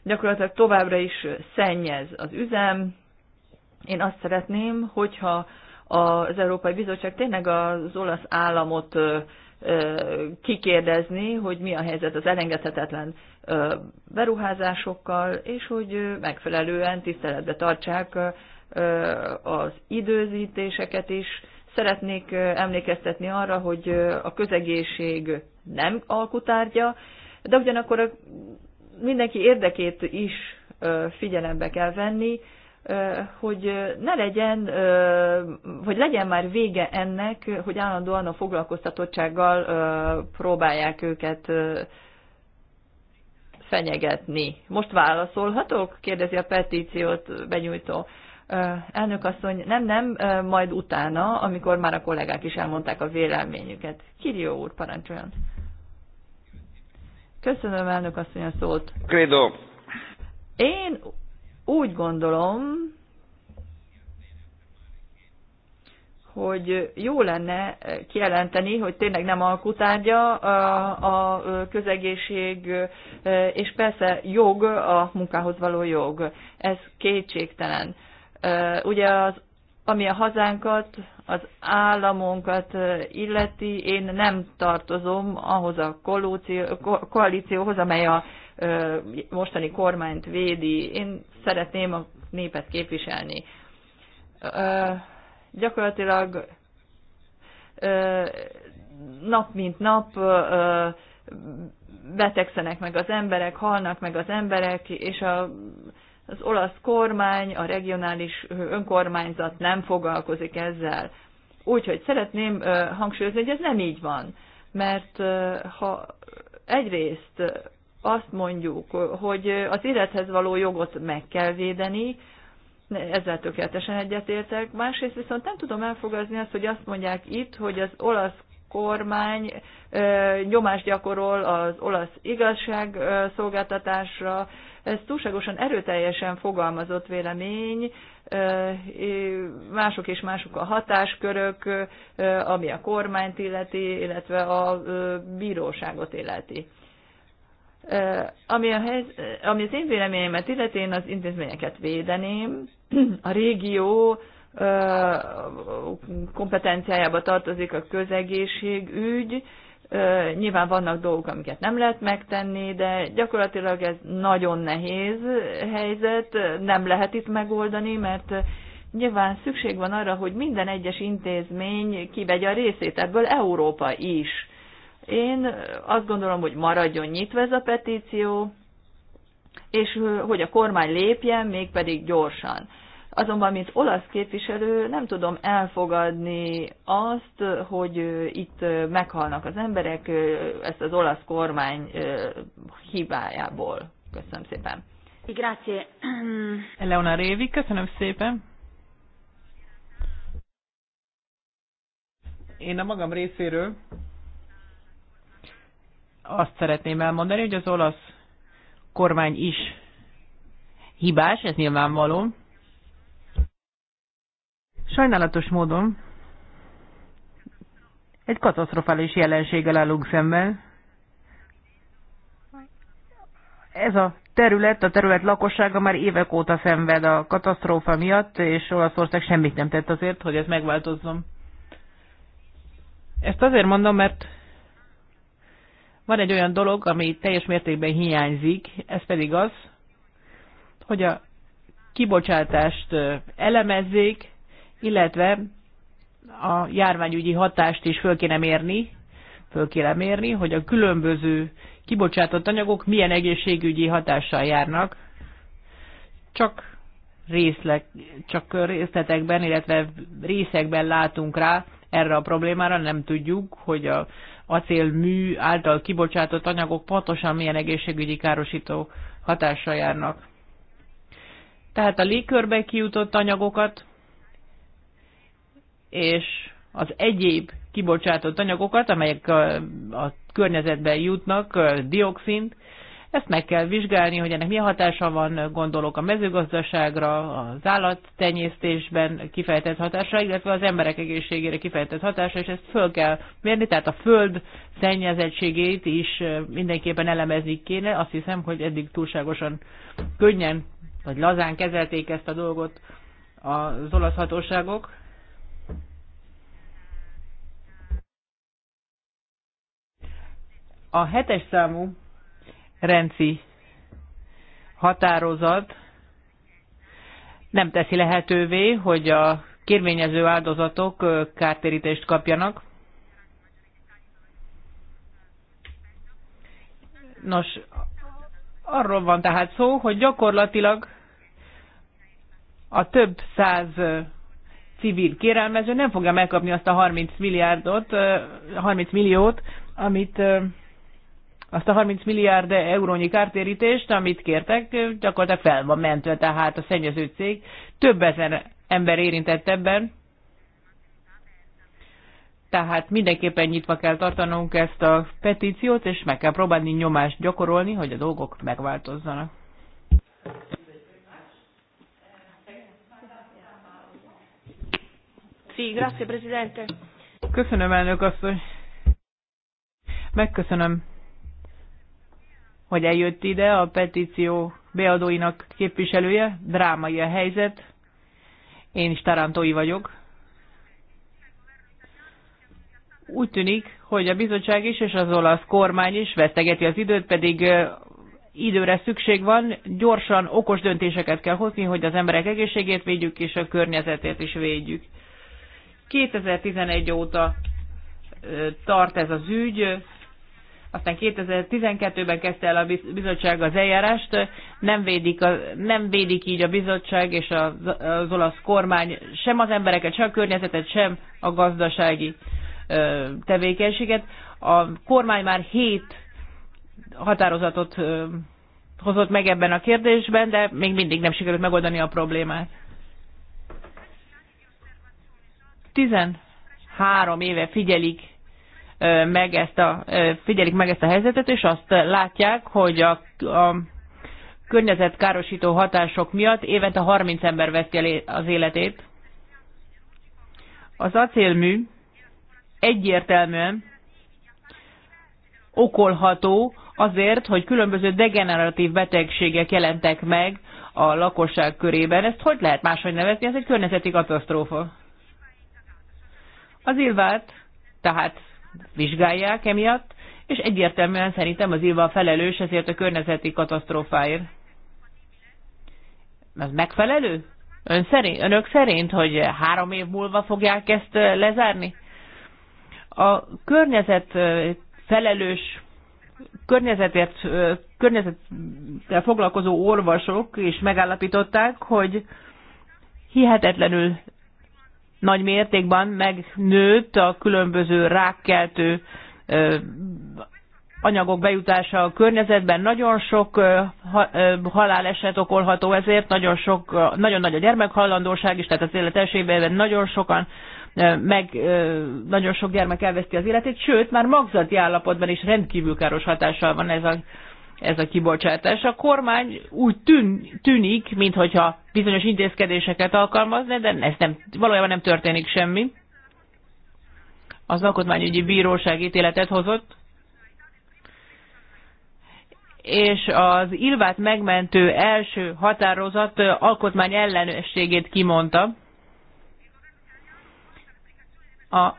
Gyakorlatilag továbbra is szennyez az üzem. Én azt szeretném, hogyha az Európai Bizottság tényleg az olasz államot kikérdezni, hogy mi a helyzet az elengedhetetlen beruházásokkal, és hogy megfelelően tiszteletbe tartsák az időzítéseket is. Szeretnék emlékeztetni arra, hogy a közegészség nem alkutárgya, de ugyanakkor mindenki érdekét is figyelembe kell venni, hogy ne legyen, hogy legyen már vége ennek, hogy állandóan a foglalkoztatottsággal próbálják őket fenyegetni. Most válaszolhatok? Kérdezi a petíciót benyújtó. Elnök asszony, nem, nem, majd utána, amikor már a kollégák is elmondták a véleményüket. Kirió úr, parancsoljon. Köszönöm, elnök asszony, a szót. Kredo. Én úgy gondolom, hogy jó lenne kijelenteni, hogy tényleg nem alkutárgya a, a közegészség, és persze jog, a munkához való jog. Ez kétségtelen. Ugye az, ami a hazánkat, az államunkat illeti, én nem tartozom ahhoz a koalícióhoz, amely a mostani kormányt védi. Én szeretném a népet képviselni. Gyakorlatilag nap mint nap betegszenek meg az emberek, halnak meg az emberek, és a, az olasz kormány, a regionális önkormányzat nem foglalkozik ezzel. Úgyhogy szeretném hangsúlyozni, hogy ez nem így van. Mert ha egyrészt azt mondjuk, hogy az élethez való jogot meg kell védeni, ezzel tökéletesen egyetértek. Másrészt viszont nem tudom elfogadni azt, hogy azt mondják itt, hogy az olasz kormány nyomást gyakorol az olasz igazságszolgáltatásra. Ez túlságosan erőteljesen fogalmazott vélemény, mások és mások a hatáskörök, ami a kormányt illeti, illetve a bíróságot illeti. Ami, a hely, ami az én véleményemet illeti, én az intézményeket védeném. A régió kompetenciájába tartozik a közegészségügy. Nyilván vannak dolgok, amiket nem lehet megtenni, de gyakorlatilag ez nagyon nehéz helyzet, nem lehet itt megoldani, mert nyilván szükség van arra, hogy minden egyes intézmény kivegye a részét, ebből Európa is én azt gondolom, hogy maradjon nyitva ez a petíció, és hogy a kormány lépjen, mégpedig gyorsan. Azonban, mint olasz képviselő, nem tudom elfogadni azt, hogy itt meghalnak az emberek ezt az olasz kormány hibájából. Köszönöm szépen. Grazie. Eleona Révi, köszönöm szépen. Én a magam részéről azt szeretném elmondani, hogy az olasz kormány is hibás, ez nyilvánvaló. Sajnálatos módon egy katasztrofális jelenséggel állunk szemben. Ez a terület, a terület lakossága már évek óta szenved a katasztrófa miatt, és Olaszország semmit nem tett azért, hogy ez megváltozzon. Ezt azért mondom, mert van egy olyan dolog, ami teljes mértékben hiányzik, ez pedig az, hogy a kibocsátást elemezzék, illetve a járványügyi hatást is föl kéne mérni, föl kéne mérni, hogy a különböző kibocsátott anyagok milyen egészségügyi hatással járnak. Csak, részlet, csak részletekben, illetve részekben látunk rá erre a problémára, nem tudjuk, hogy a acélmű által kibocsátott anyagok pontosan milyen egészségügyi károsító hatással járnak. Tehát a légkörbe kijutott anyagokat és az egyéb kibocsátott anyagokat, amelyek a, a környezetben jutnak, dioxint, ezt meg kell vizsgálni, hogy ennek milyen hatása van, gondolok a mezőgazdaságra, az állattenyésztésben kifejtett hatása, illetve az emberek egészségére kifejtett hatása, és ezt föl kell mérni, tehát a föld szennyezettségét is mindenképpen elemezni kéne. Azt hiszem, hogy eddig túlságosan könnyen vagy lazán kezelték ezt a dolgot az olasz hatóságok, A hetes számú Renci határozat nem teszi lehetővé, hogy a kérvényező áldozatok kártérítést kapjanak. Nos, arról van tehát szó, hogy gyakorlatilag a több száz civil kérelmező nem fogja megkapni azt a 30 milliárdot, 30 milliót, amit azt a 30 milliárd eurónyi kártérítést, amit kértek, gyakorlatilag fel van mentve, tehát a szennyező cég több ezer ember érintett ebben, tehát mindenképpen nyitva kell tartanunk ezt a petíciót, és meg kell próbálni nyomást gyakorolni, hogy a dolgok megváltozzanak. grazie Presidente. Köszönöm, elnök asszony. Megköszönöm hogy eljött ide a petíció beadóinak képviselője. Drámai a helyzet. Én is Tarantói vagyok. Úgy tűnik, hogy a bizottság is és az olasz kormány is vesztegeti az időt, pedig időre szükség van, gyorsan, okos döntéseket kell hozni, hogy az emberek egészségét védjük, és a környezetét is védjük. 2011 óta tart ez az ügy, aztán 2012-ben kezdte el a bizottság az eljárást, nem védik, a, nem védik így a bizottság és az, az olasz kormány sem az embereket, sem a környezetet, sem a gazdasági ö, tevékenységet. A kormány már hét határozatot ö, hozott meg ebben a kérdésben, de még mindig nem sikerült megoldani a problémát. 13 éve figyelik meg ezt a, figyelik meg ezt a helyzetet, és azt látják, hogy a, a környezetkárosító hatások miatt évente 30 ember veszti el az életét. Az acélmű egyértelműen okolható azért, hogy különböző degeneratív betegségek jelentek meg a lakosság körében. Ezt hogy lehet máshogy nevezni? Ez egy környezeti katasztrófa. Az ilvát tehát vizsgálják emiatt, és egyértelműen szerintem az ILVA felelős ezért a környezeti katasztrófáért. Ez megfelelő? Ön szerint, önök szerint, hogy három év múlva fogják ezt eh, lezárni? A környezet eh, felelős környezetért, eh, környezettel foglalkozó orvosok is megállapították, hogy hihetetlenül nagy mértékben megnőtt a különböző rákkeltő anyagok bejutása a környezetben. Nagyon sok haláleset okolható ezért, nagyon, sok, nagyon nagy a gyermekhallandóság is, tehát az élet esélyben nagyon sokan meg nagyon sok gyermek elveszti az életét, sőt, már magzati állapotban is rendkívül káros hatással van ez a ez a kibocsátás. A kormány úgy tűn, tűnik, mintha bizonyos intézkedéseket alkalmazna, de ez nem, valójában nem történik semmi. Az alkotmányügyi bíróság ítéletet hozott, és az Ilvát megmentő első határozat alkotmány ellenességét kimondta. A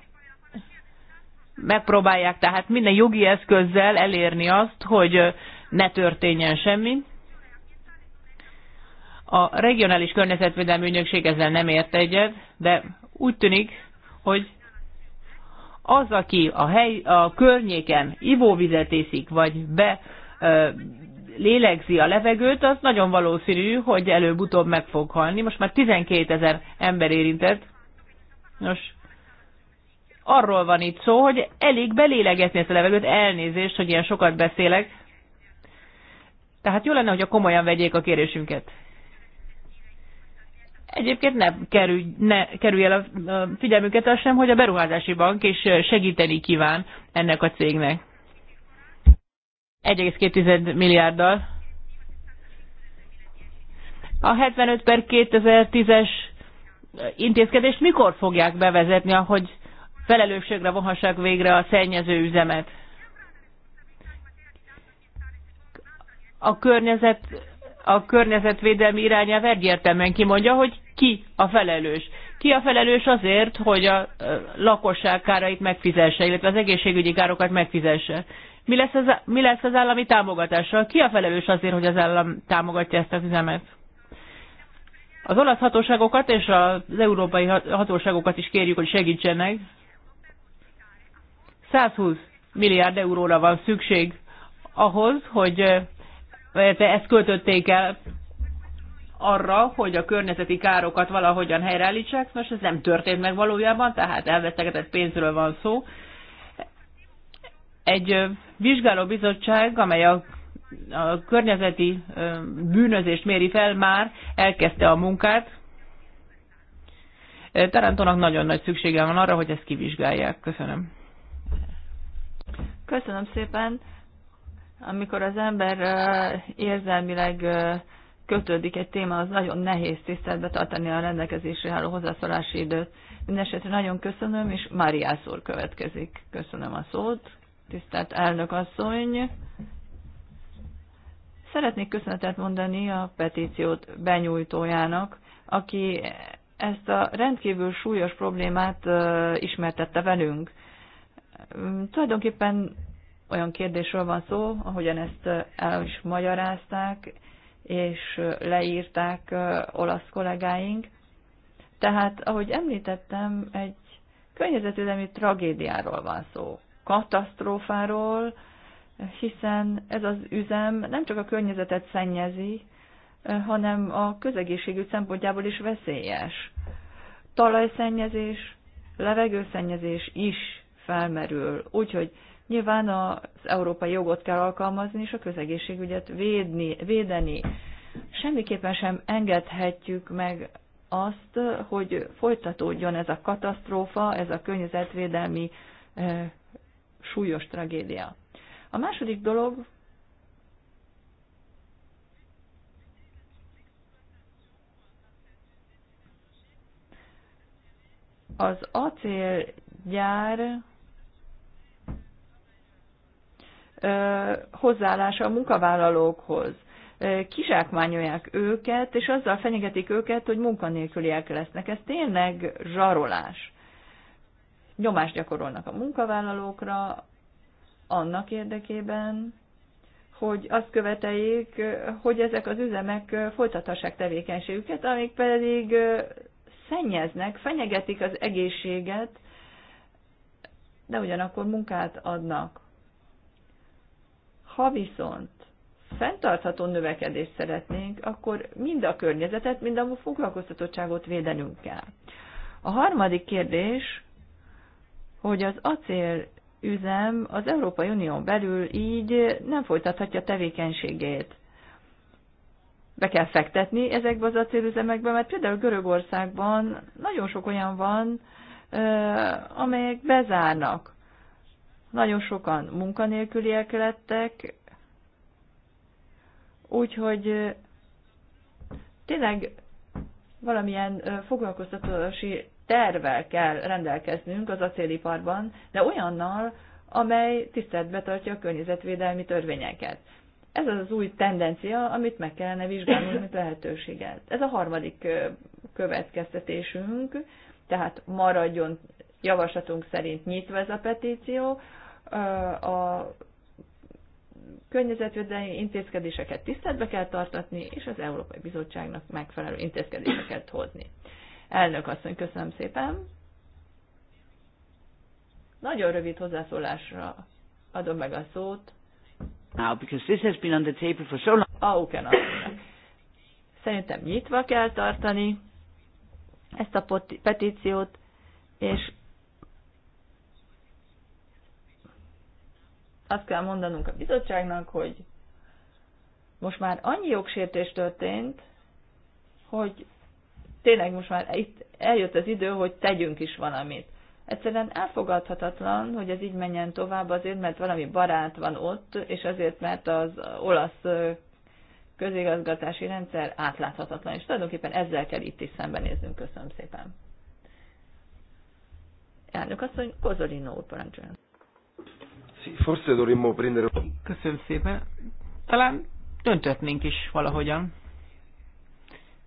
megpróbálják tehát minden jogi eszközzel elérni azt, hogy ne történjen semmi. A regionális környezetvédelmi ügynökség ezzel nem ért egyet, de úgy tűnik, hogy az, aki a, hely, a környéken ivóvizet észik, vagy be ö, lélegzi a levegőt, az nagyon valószínű, hogy előbb-utóbb meg fog halni. Most már 12 ezer ember érintett. Nos, arról van itt szó, hogy elég belélegezni ezt a levegőt, elnézést, hogy ilyen sokat beszélek. Tehát jó lenne, hogyha komolyan vegyék a kérésünket. Egyébként ne kerülj, ne kerülj el a figyelmüket az sem, hogy a beruházási bank is segíteni kíván ennek a cégnek. 1,2 milliárddal. A 75 per 2010-es intézkedést mikor fogják bevezetni, ahogy felelősségre vonhassák végre a szennyező üzemet? a, környezet, a környezetvédelmi irányelv egyértelműen kimondja, hogy ki a felelős. Ki a felelős azért, hogy a lakosság kárait megfizesse, illetve az egészségügyi károkat megfizesse. Mi lesz, az, mi lesz az állami támogatással? Ki a felelős azért, hogy az állam támogatja ezt az üzemet? Az olasz hatóságokat és az európai hatóságokat is kérjük, hogy segítsenek. 120 milliárd euróra van szükség ahhoz, hogy illetve ezt költötték el arra, hogy a környezeti károkat valahogyan helyreállítsák. most ez nem történt meg valójában, tehát elvesztegetett pénzről van szó. Egy vizsgálóbizottság, amely a, a környezeti bűnözést méri fel, már elkezdte a munkát. Tarantónak nagyon nagy szüksége van arra, hogy ezt kivizsgálják. Köszönöm. Köszönöm szépen. Amikor az ember érzelmileg kötődik egy téma, az nagyon nehéz tiszteletbe tartani a rendelkezésre álló hozzászólási időt. Mindenesetre nagyon köszönöm, és Máriás úr következik. Köszönöm a szót. Tisztelt elnök asszony! Szeretnék köszönetet mondani a petíciót benyújtójának, aki ezt a rendkívül súlyos problémát ismertette velünk. Tulajdonképpen olyan kérdésről van szó, ahogyan ezt el is magyarázták, és leírták olasz kollégáink. Tehát, ahogy említettem, egy környezetvédelmi tragédiáról van szó, katasztrófáról, hiszen ez az üzem nem csak a környezetet szennyezi, hanem a közegészségügy szempontjából is veszélyes. Talajszennyezés, levegőszennyezés is felmerül, úgyhogy Nyilván az európai jogot kell alkalmazni, és a közegészségügyet védni, védeni. Semmiképpen sem engedhetjük meg azt, hogy folytatódjon ez a katasztrófa, ez a környezetvédelmi e, súlyos tragédia. A második dolog, az acélgyár hozzáállása a munkavállalókhoz. Kizsákmányolják őket, és azzal fenyegetik őket, hogy munkanélküliek lesznek. Ez tényleg zsarolás. Nyomást gyakorolnak a munkavállalókra annak érdekében, hogy azt követeljék, hogy ezek az üzemek folytathassák tevékenységüket, amik pedig szennyeznek, fenyegetik az egészséget, de ugyanakkor munkát adnak. Ha viszont fenntartható növekedést szeretnénk, akkor mind a környezetet, mind a foglalkoztatottságot védenünk kell. A harmadik kérdés, hogy az acél üzem az Európai Unión belül így nem folytathatja tevékenységét. Be kell fektetni ezekbe az acélüzemekbe, mert például Görögországban nagyon sok olyan van, amelyek bezárnak. Nagyon sokan munkanélküliek lettek, úgyhogy tényleg valamilyen foglalkoztatási tervel kell rendelkeznünk az acéliparban, de olyannal, amely tisztelt betartja a környezetvédelmi törvényeket. Ez az az új tendencia, amit meg kellene vizsgálnunk, mint lehetőséget. Ez a harmadik következtetésünk, tehát maradjon javaslatunk szerint nyitva ez a petíció, a környezetvédelmi intézkedéseket tiszteletbe kell tartatni, és az Európai Bizottságnak megfelelő intézkedéseket hozni. Elnök asszony, köszönöm szépen. Nagyon rövid hozzászólásra adom meg a szót. Now, because this has been on the table for so long. Auken asszonynak. Szerintem nyitva kell tartani ezt a petíciót, és azt kell mondanunk a bizottságnak, hogy most már annyi jogsértés történt, hogy tényleg most már itt eljött az idő, hogy tegyünk is valamit. Egyszerűen elfogadhatatlan, hogy ez így menjen tovább azért, mert valami barát van ott, és azért, mert az olasz közigazgatási rendszer átláthatatlan, és tulajdonképpen ezzel kell itt is szembenéznünk. Köszönöm szépen. Elnök asszony, Kozolino úr parancsoljon. Forse dovremmo prendere... Köszönöm szépen. Talán döntetnénk is valahogyan.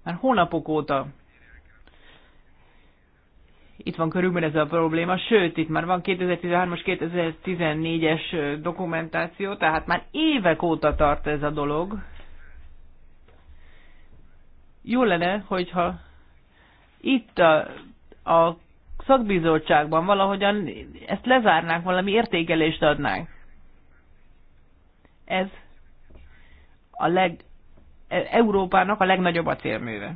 Már hónapok óta itt van körülbelül ez a probléma, sőt, itt már van 2013-as, 2014-es dokumentáció, tehát már évek óta tart ez a dolog. Jó lenne, hogyha itt a, a szakbizottságban valahogyan ezt lezárnánk, valami értékelést adnánk. Ez a leg, e, Európának a legnagyobb acélműve.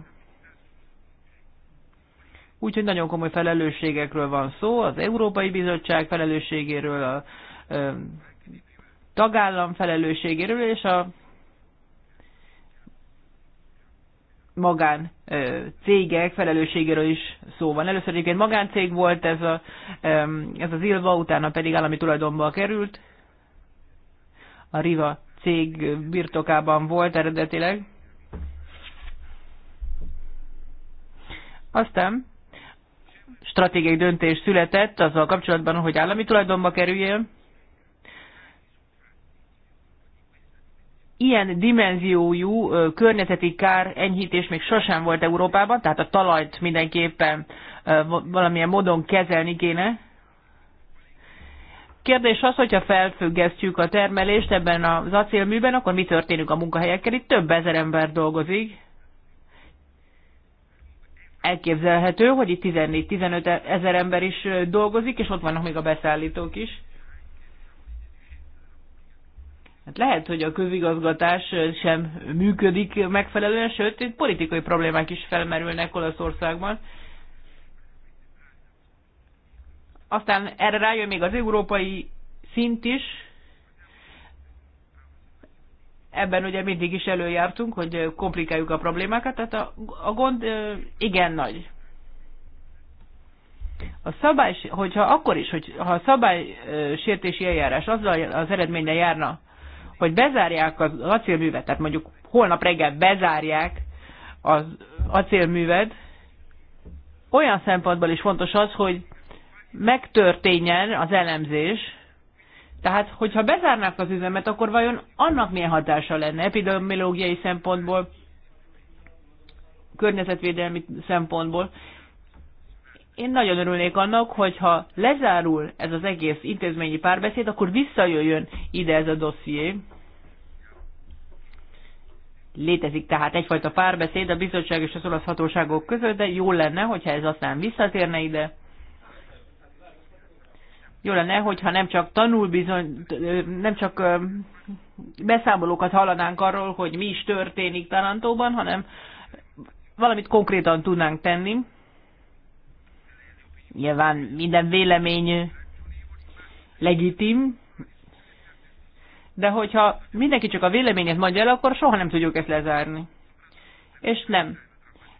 Úgyhogy nagyon komoly felelősségekről van szó, az Európai Bizottság felelősségéről, a, a tagállam felelősségéről és a magán cégek felelősségéről is szó van. Először egyébként magáncég volt ez, a, ez az Ilva, utána pedig állami tulajdonba került. A Riva cég birtokában volt eredetileg. Aztán stratégiai döntés született azzal kapcsolatban, hogy állami tulajdonba kerüljön. ilyen dimenziójú környezeti kár enyhítés még sosem volt Európában, tehát a talajt mindenképpen valamilyen módon kezelni kéne. Kérdés az, hogyha felfüggesztjük a termelést ebben az acélműben, akkor mi történik a munkahelyekkel? Itt több ezer ember dolgozik. Elképzelhető, hogy itt 14-15 e-, ezer ember is dolgozik, és ott vannak még a beszállítók is. Hát lehet, hogy a közigazgatás sem működik megfelelően, sőt, itt politikai problémák is felmerülnek Olaszországban. Aztán erre rájön még az európai szint is. Ebben ugye mindig is előjártunk, hogy komplikáljuk a problémákat, tehát a, a gond igen nagy. A szabály, hogyha akkor is, hogy ha a szabálysértési eljárás azzal az eredménye járna, hogy bezárják az acélművet, tehát mondjuk holnap reggel bezárják az acélművet, olyan szempontból is fontos az, hogy megtörténjen az elemzés, tehát, hogyha bezárnák az üzemet, akkor vajon annak milyen hatása lenne epidemiológiai szempontból, környezetvédelmi szempontból. Én nagyon örülnék annak, hogyha lezárul ez az egész intézményi párbeszéd, akkor visszajöjjön ide ez a dosszié. Létezik tehát egyfajta párbeszéd a bizottság és az olasz hatóságok között, de jó lenne, hogyha ez aztán visszatérne ide. Jó lenne, hogyha nem csak tanul bizony, nem csak beszámolókat hallanánk arról, hogy mi is történik Tarantóban, hanem valamit konkrétan tudnánk tenni. Nyilván minden vélemény legitim, de hogyha mindenki csak a véleményét mondja el, akkor soha nem tudjuk ezt lezárni. És nem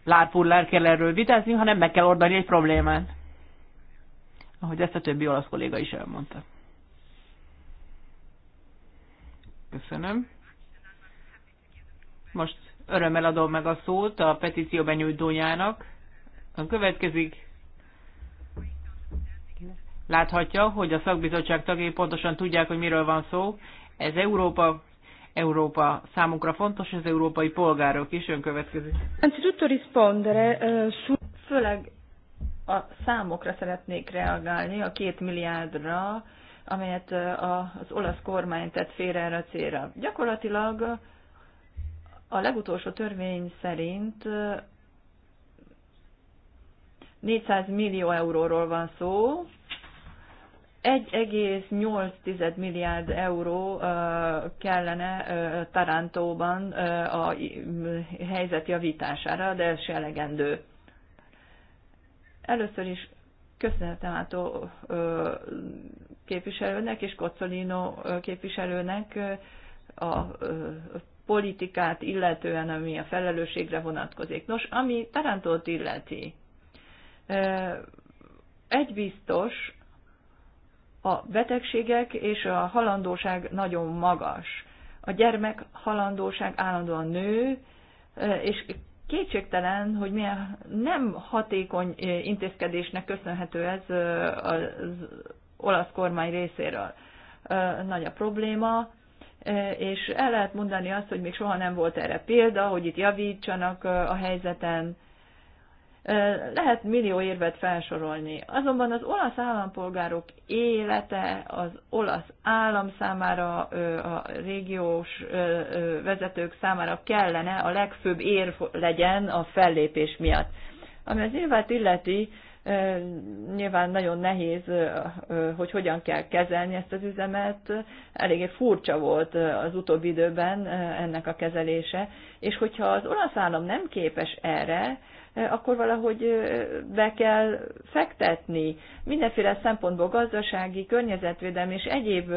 lárpullár kell erről vitázni, hanem meg kell oldani egy problémát. Ahogy ezt a többi olasz kolléga is elmondta. Köszönöm. Most örömmel adom meg a szót a petíció benyújtójának. A következik Láthatja, hogy a szakbizottság tagjai pontosan tudják, hogy miről van szó. Ez Európa, Európa számukra fontos, az európai polgárok is önkövetkező. Anzitutto rispondere, eh, főleg a számokra szeretnék reagálni, a két milliárdra, amelyet eh, az olasz kormány tett félre erre a célra. Gyakorlatilag a legutolsó törvény szerint 400 eh, millió euróról van szó, 1,8 milliárd euró kellene Tarantóban a helyzet javítására, de ez se elegendő. Először is köszönetem át képviselőnek és Kocolino képviselőnek a politikát illetően, ami a felelősségre vonatkozik. Nos, ami Tarantót illeti, egy biztos, a betegségek és a halandóság nagyon magas. A gyermek halandóság állandóan nő, eh, és kétségtelen, hogy milyen nem hatékony eh, intézkedésnek köszönhető ez eh, az olasz kormány részéről. Nagy a probléma, és el lehet mondani azt, hogy még soha nem volt erre példa, hogy itt javítsanak a helyzeten, lehet millió érvet felsorolni. Azonban az olasz állampolgárok élete az olasz állam számára, a régiós vezetők számára kellene a legfőbb ér legyen a fellépés miatt. Ami az érvet illeti, nyilván nagyon nehéz, hogy hogyan kell kezelni ezt az üzemet. Eléggé furcsa volt az utóbbi időben ennek a kezelése, és hogyha az olasz állam nem képes erre, akkor valahogy be kell fektetni. Mindenféle szempontból gazdasági, környezetvédelmi és egyéb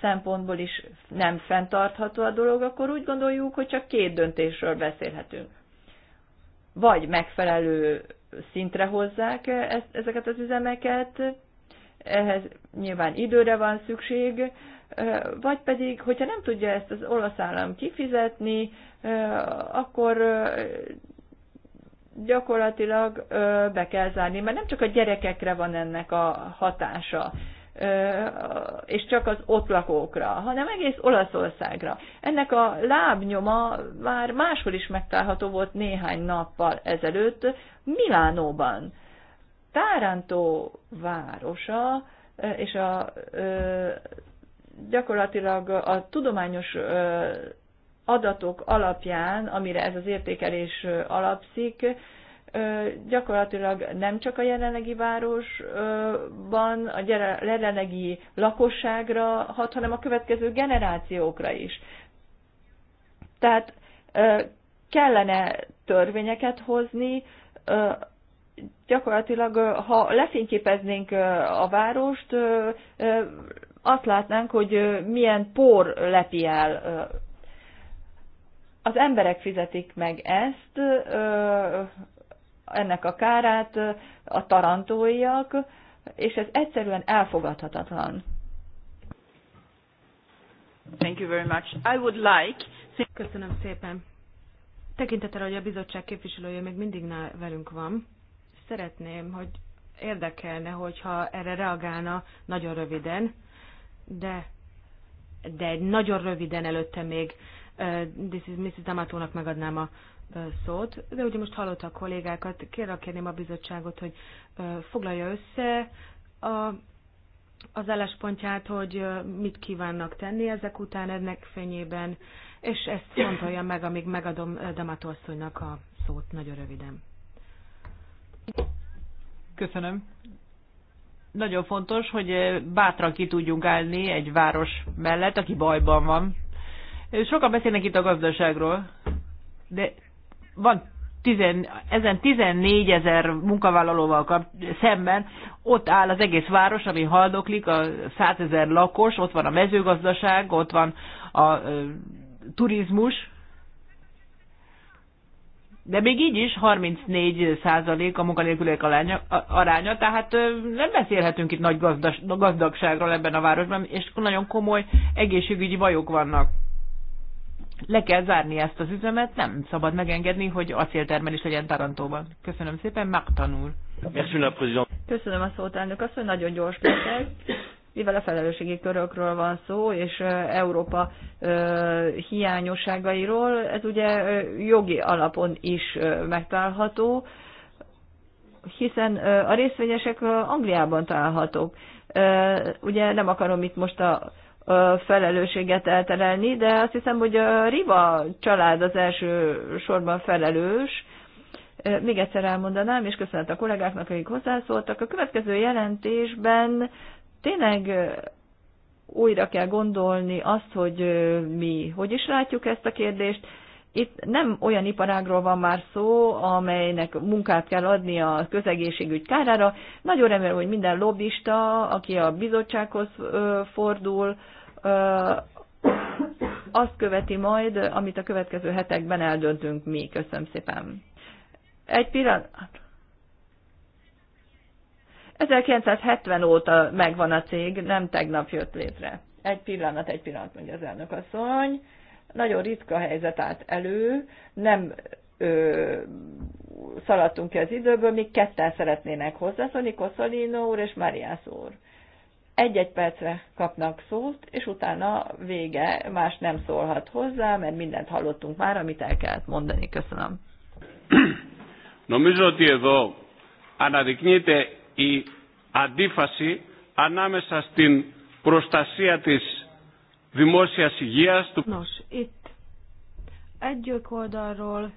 szempontból is nem fenntartható a dolog, akkor úgy gondoljuk, hogy csak két döntésről beszélhetünk. Vagy megfelelő szintre hozzák ezeket az üzemeket, ehhez nyilván időre van szükség, vagy pedig, hogyha nem tudja ezt az olasz állam kifizetni, akkor gyakorlatilag be kell zárni, mert nem csak a gyerekekre van ennek a hatása, és csak az ott lakókra, hanem egész Olaszországra. Ennek a lábnyoma már máshol is megtalálható volt néhány nappal ezelőtt Milánóban. Tárántó városa és a gyakorlatilag a tudományos adatok alapján, amire ez az értékelés alapszik, gyakorlatilag nem csak a jelenlegi városban, a jelenlegi lakosságra hat, hanem a következő generációkra is. Tehát kellene törvényeket hozni, gyakorlatilag ha lefényképeznénk a várost, azt látnánk, hogy milyen por lepi el az emberek fizetik meg ezt, ennek a kárát a tarantóiak, és ez egyszerűen elfogadhatatlan. Thank you very much. I would like... Köszönöm szépen. Tekintettel, hogy a bizottság képviselője még mindig velünk van, szeretném, hogy érdekelne, hogyha erre reagálna nagyon röviden, de, de nagyon röviden előtte még This is Mrs. Damatónak megadnám a szót, de ugye most hallotta a kollégákat, kérlek kérném a bizottságot, hogy foglalja össze a, az álláspontját, hogy mit kívánnak tenni ezek után ennek fényében, és ezt fontolja meg, amíg megadom Damató asszonynak a szót nagyon röviden. Köszönöm. Nagyon fontos, hogy bátran ki tudjunk állni egy város mellett, aki bajban van. Sokan beszélnek itt a gazdaságról, de van tizen, ezen 14 ezer munkavállalóval kap, szemben, ott áll az egész város, ami haldoklik, a 100 ezer lakos, ott van a mezőgazdaság, ott van a e, turizmus, de még így is 34 százalék a munkanélküliek aránya, aránya, tehát nem beszélhetünk itt nagy gazdas, gazdagságról ebben a városban, és nagyon komoly egészségügyi bajok vannak le kell zárni ezt az üzemet, nem szabad megengedni, hogy acéltermelés legyen Tarantóban. Köszönöm szépen, megtanul. Köszönöm a szót, elnök azt, hogy nagyon gyors beszél. Mivel a felelősségi körökről van szó, és Európa hiányosságairól, ez ugye jogi alapon is megtalálható, hiszen a részvényesek Angliában találhatók. Ugye nem akarom itt most a felelősséget elterelni, de azt hiszem, hogy a Riva család az első sorban felelős. Még egyszer elmondanám, és köszönet a kollégáknak, akik hozzászóltak. A következő jelentésben tényleg újra kell gondolni azt, hogy mi hogy is látjuk ezt a kérdést, itt nem olyan iparágról van már szó, amelynek munkát kell adni a közegészségügy kárára. Nagyon remélem, hogy minden lobbista, aki a bizottsághoz fordul, azt követi majd, amit a következő hetekben eldöntünk mi. Köszönöm szépen. Egy pillanat. 1970 óta megvan a cég, nem tegnap jött létre. Egy pillanat, egy pillanat, mondja az elnök asszony. Nagyon ritka helyzet állt elő, nem ö, szaladtunk ki az időből, még ketten szeretnének hozzászólni, Koszolino úr és Mariász úr. Egy-egy percre kapnak szót, és utána vége, más nem szólhat hozzá, mert mindent hallottunk már, amit el kellett mondani. Köszönöm. Νομίζω ότι εδώ αναδεικνύεται η αντίφαση ανάμεσα στην προστασία της Nos, itt egyik oldalról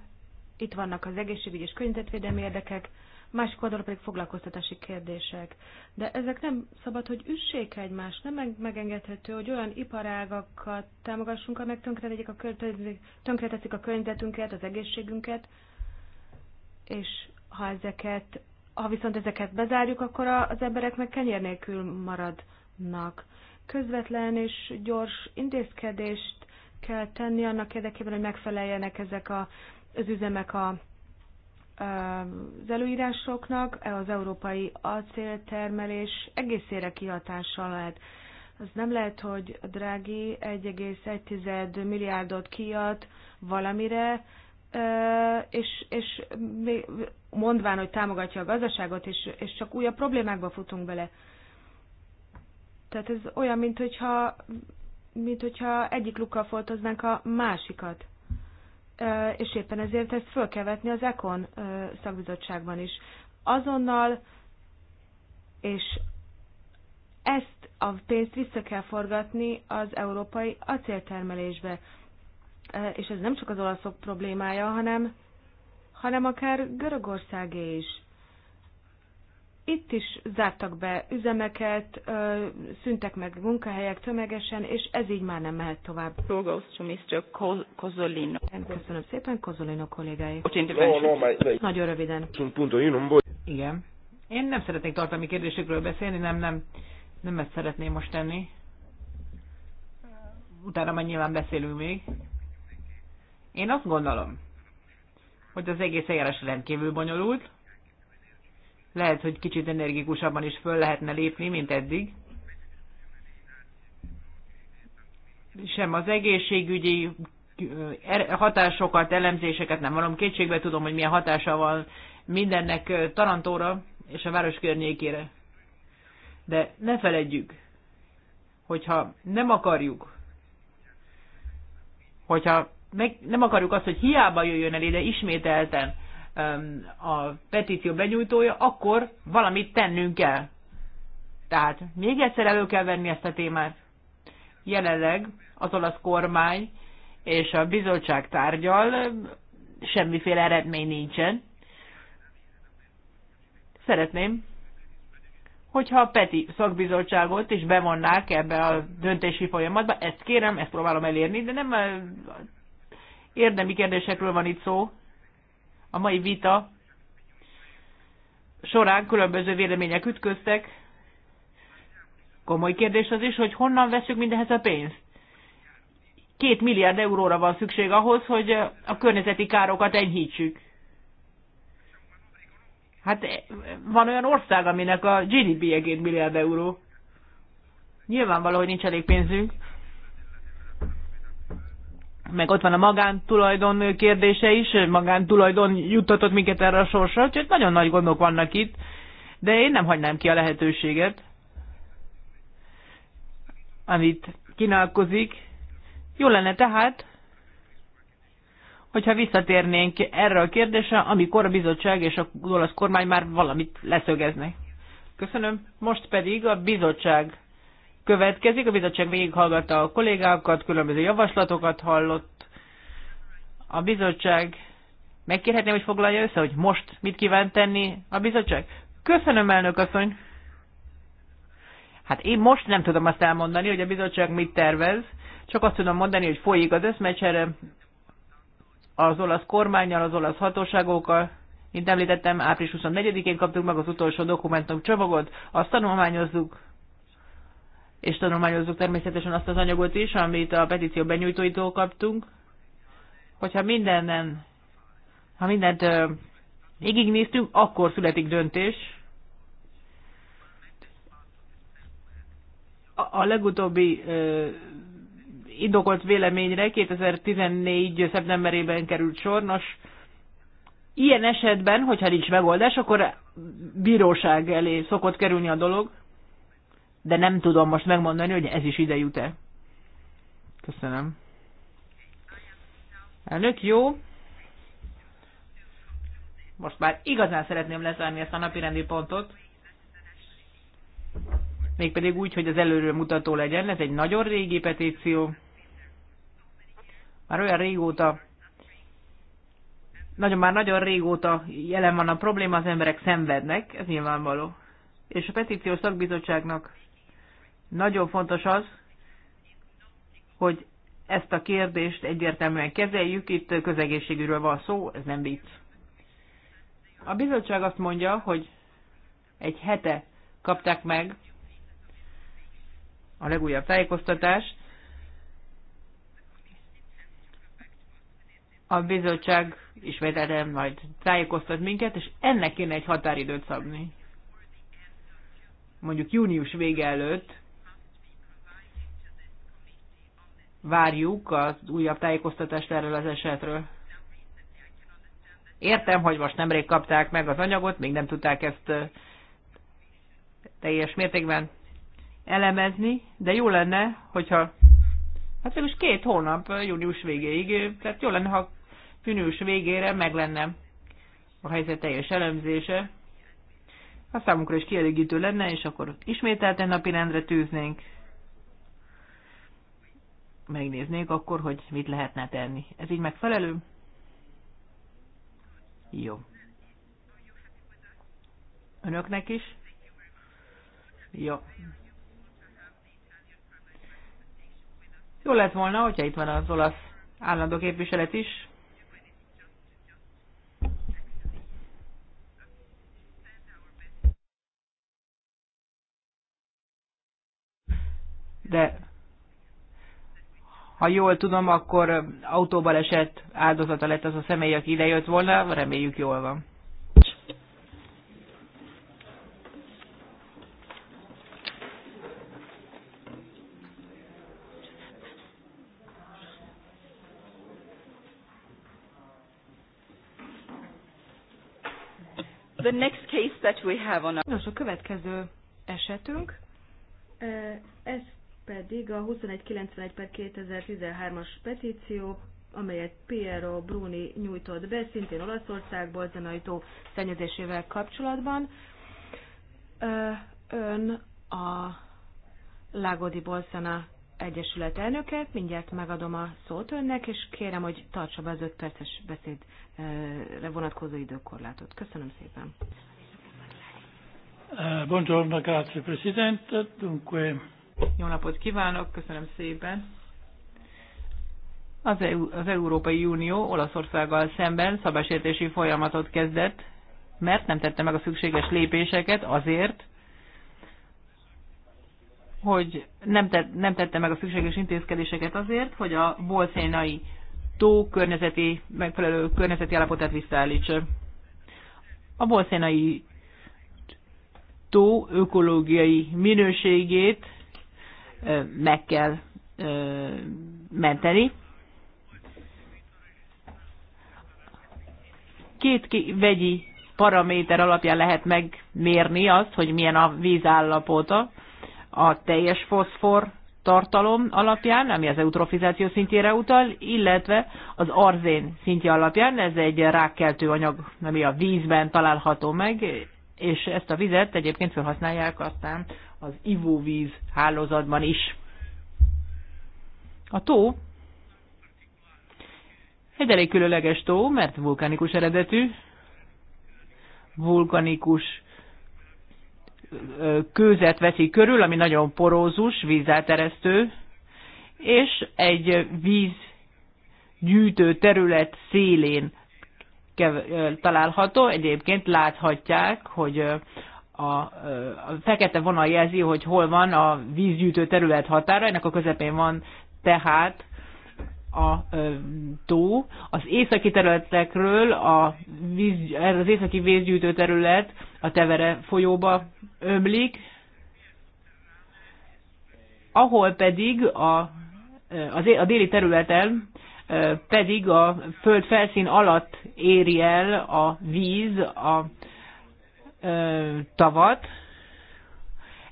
itt vannak az egészségügyi és környezetvédelmi érdekek, másik oldalról pedig foglalkoztatási kérdések. De ezek nem szabad, hogy üssék egymást, nem megengedhető, hogy olyan iparágakat támogassunk, amelyek tönkretetik a, tönkreteszik a környezetünket, az egészségünket, és ha ezeket, ha viszont ezeket bezárjuk, akkor az emberek meg kenyér nélkül maradnak közvetlen és gyors intézkedést kell tenni annak érdekében, hogy megfeleljenek ezek a, az üzemek a, az előírásoknak, e az európai acéltermelés egészére kihatással lehet. Az nem lehet, hogy Drági 1,1 milliárdot kiad valamire, és, és mondván, hogy támogatja a gazdaságot, és, és csak újabb problémákba futunk bele. Tehát ez olyan, mint hogyha, mint hogyha egyik lukkal foltoznánk a másikat. És éppen ezért ezt föl kell vetni az ECON szakbizottságban is. Azonnal, és ezt a pénzt vissza kell forgatni az európai acéltermelésbe. És ez nem csak az olaszok problémája, hanem, hanem akár Görögországé is itt is zártak be üzemeket, szüntek meg munkahelyek tömegesen, és ez így már nem mehet tovább. Kozolino. Köszönöm szépen, Kozolino kollégái. Nagyon röviden. Igen. Én nem szeretnék tartalmi kérdésekről beszélni, nem, nem, nem ezt szeretném most tenni. Utána majd nyilván beszélünk még. Én azt gondolom, hogy az egész eljárás rendkívül bonyolult, lehet, hogy kicsit energikusabban is föl lehetne lépni, mint eddig. Sem az egészségügyi er, hatásokat, elemzéseket nem valam kétségbe tudom, hogy milyen hatása van mindennek Tarantóra és a város környékére. De ne feledjük, hogyha nem akarjuk, hogyha meg, nem akarjuk azt, hogy hiába jöjjön el ide ismételten a petíció benyújtója, akkor valamit tennünk kell. Tehát még egyszer elő kell venni ezt a témát. Jelenleg az olasz kormány és a bizottság tárgyal semmiféle eredmény nincsen. Szeretném, hogyha a PETI szakbizottságot is bevonnák ebbe a döntési folyamatba, ezt kérem, ezt próbálom elérni, de nem eh, érdemi kérdésekről van itt szó, a mai vita során különböző vélemények ütköztek. Komoly kérdés az is, hogy honnan veszük mindehez a pénzt. Két milliárd euróra van szükség ahhoz, hogy a környezeti károkat enyhítsük. Hát eh, van olyan ország, aminek a GDP-je 2 milliárd euró. Nyilvánvaló, hogy nincs elég pénzünk meg ott van a magántulajdon kérdése is, magántulajdon juttatott minket erre a sorsra, úgyhogy nagyon nagy gondok vannak itt, de én nem hagynám ki a lehetőséget, amit kínálkozik. Jó lenne tehát, hogyha visszatérnénk erre a kérdésre, amikor a bizottság és a olasz kormány már valamit leszögeznek. Köszönöm. Most pedig a bizottság következik. A bizottság végighallgatta a kollégákat, különböző javaslatokat hallott. A bizottság megkérhetném, hogy foglalja össze, hogy most mit kíván tenni a bizottság? Köszönöm, elnök asszony! Hát én most nem tudom azt elmondani, hogy a bizottság mit tervez, csak azt tudom mondani, hogy folyik az összmecsere az olasz kormányjal, az olasz hatóságokkal. Mint említettem, április 24-én kaptuk meg az utolsó dokumentum csomagot, azt tanulmányozzuk, és tanulmányozzuk természetesen azt az anyagot is, amit a petíció benyújtóitól kaptunk. Hogyha mindenen, ha mindent ö, végignéztünk, akkor születik döntés. A, a legutóbbi ö, indokolt véleményre 2014. szeptemberében került sor. Nos, ilyen esetben, hogyha nincs megoldás, akkor bíróság elé szokott kerülni a dolog de nem tudom most megmondani, hogy ez is ide jut-e. Köszönöm. Elnök, jó. Most már igazán szeretném lezárni ezt a napi rendi pontot. Mégpedig úgy, hogy az előről mutató legyen. Ez egy nagyon régi petíció. Már olyan régóta, nagyon már nagyon régóta jelen van a probléma, az emberek szenvednek, ez nyilvánvaló. És a petíciós szakbizottságnak nagyon fontos az, hogy ezt a kérdést egyértelműen kezeljük, itt közegészségügyről van szó, ez nem vicc. A bizottság azt mondja, hogy egy hete kapták meg a legújabb tájékoztatást. A bizottság ismételem majd tájékoztat minket, és ennek kéne egy határidőt szabni. Mondjuk június vége előtt várjuk az újabb tájékoztatást erről az esetről. Értem, hogy most nemrég kapták meg az anyagot, még nem tudták ezt teljes mértékben elemezni, de jó lenne, hogyha hát most két hónap június végéig, tehát jó lenne, ha június végére meg lenne a helyzet teljes elemzése. A számunkra is kielégítő lenne, és akkor ismételten napirendre tűznénk megnéznék akkor, hogy mit lehetne tenni. Ez így megfelelő? Jó. Önöknek is? Jó. Jó lett volna, hogyha itt van az olasz állandó képviselet is, ha jól tudom, akkor autóban esett áldozata lett az a személy, aki idejött volna, reméljük jól van. The next case that we have on our... Nos, a következő esetünk, ez pedig a 2191 per 2013-as petíció, amelyet Piero Bruni nyújtott be, szintén Olaszországból, zenajtó szennyezésével kapcsolatban. Ön a Lágodi Bolszana Egyesület elnöke, mindjárt megadom a szót önnek, és kérem, hogy tartsa be az öt perces beszédre vonatkozó időkorlátot. Köszönöm szépen. Eh, buongiorno, grazie Presidente. Dunque, jó napot kívánok, köszönöm szépen. Az, EU, az Európai Unió Olaszországgal szemben szabásértési folyamatot kezdett, mert nem tette meg a szükséges lépéseket azért, hogy nem, te, nem tette meg a szükséges intézkedéseket azért, hogy a bolszénai tó környezeti, megfelelő környezeti állapotát visszaállítsa. A bolszénai tó ökológiai minőségét meg kell menteni. Két vegyi paraméter alapján lehet megmérni azt, hogy milyen a vízállapota a teljes foszfor tartalom alapján, ami az eutrofizáció szintjére utal, illetve az arzén szintje alapján, ez egy rákkeltő anyag, ami a vízben található meg, és ezt a vizet egyébként felhasználják aztán az ivóvíz hálózatban is. A tó egy elég különleges tó, mert vulkanikus eredetű, vulkanikus kőzet veszi körül, ami nagyon porózus, vízáteresztő, és egy vízgyűjtő terület szélén található. Egyébként láthatják, hogy a, a fekete vonal jelzi, hogy hol van a vízgyűjtő terület határa, ennek a közepén van tehát a tó. Az északi területekről a víz, az északi vízgyűjtő terület a Tevere folyóba ömlik, ahol pedig a, az, a déli területen pedig a föld felszín alatt éri el a víz a tavat.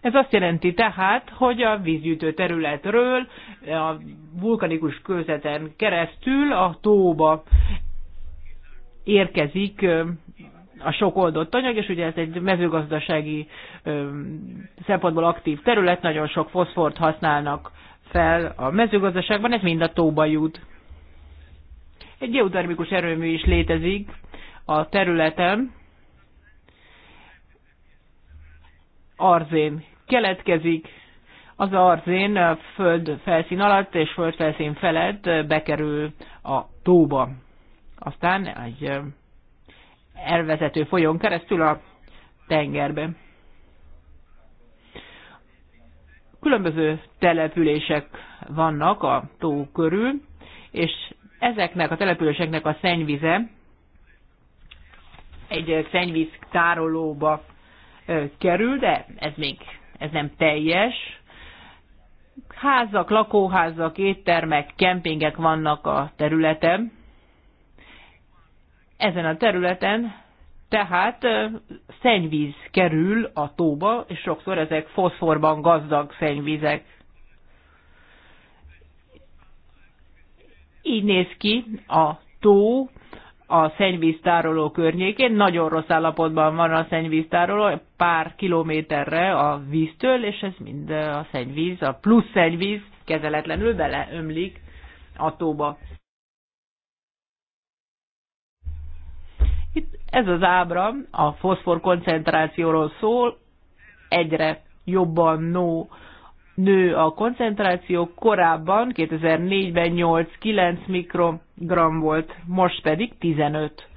Ez azt jelenti tehát, hogy a vízgyűjtő területről a vulkanikus kőzeten keresztül a tóba érkezik a sok oldott anyag, és ugye ez egy mezőgazdasági szempontból aktív terület, nagyon sok foszfort használnak fel a mezőgazdaságban, ez mind a tóba jut. Egy geotermikus erőmű is létezik a területen, arzén keletkezik, az arzén a föld felszín alatt és föld felszín felett bekerül a tóba. Aztán egy elvezető folyón keresztül a tengerbe. Különböző települések vannak a tó körül, és ezeknek a településeknek a szennyvize egy szennyvíz tárolóba kerül, de ez még ez nem teljes. Házak, lakóházak, éttermek, kempingek vannak a területen. Ezen a területen tehát szennyvíz kerül a tóba, és sokszor ezek foszforban gazdag szennyvizek. Így néz ki a tó a szennyvíztároló környékén. Nagyon rossz állapotban van a szennyvíztároló, pár kilométerre a víztől, és ez mind a szennyvíz, a plusz szennyvíz kezeletlenül beleömlik a tóba. Itt ez az ábra a foszfor koncentrációról szól, egyre jobban no nő a koncentráció, korábban 2004-ben 8-9 mikrogram volt, most pedig 15.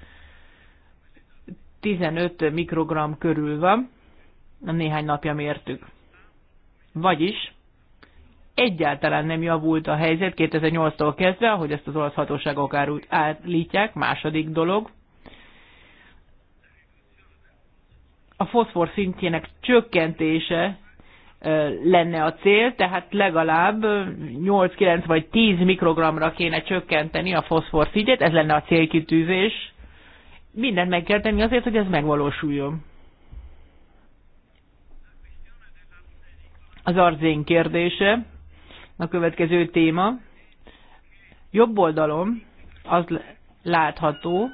15 mikrogram körül van, néhány napja mértük. Vagyis egyáltalán nem javult a helyzet 2008-tól kezdve, ahogy ezt az olasz hatóságok állítják. Második dolog, a foszfor szintjének csökkentése lenne a cél, tehát legalább 8-9 vagy 10 mikrogramra kéne csökkenteni a szintjét, ez lenne a célkitűzés. Mindent meg kell tenni azért, hogy ez megvalósuljon. Az arzén kérdése, a következő téma. Jobb oldalon az látható,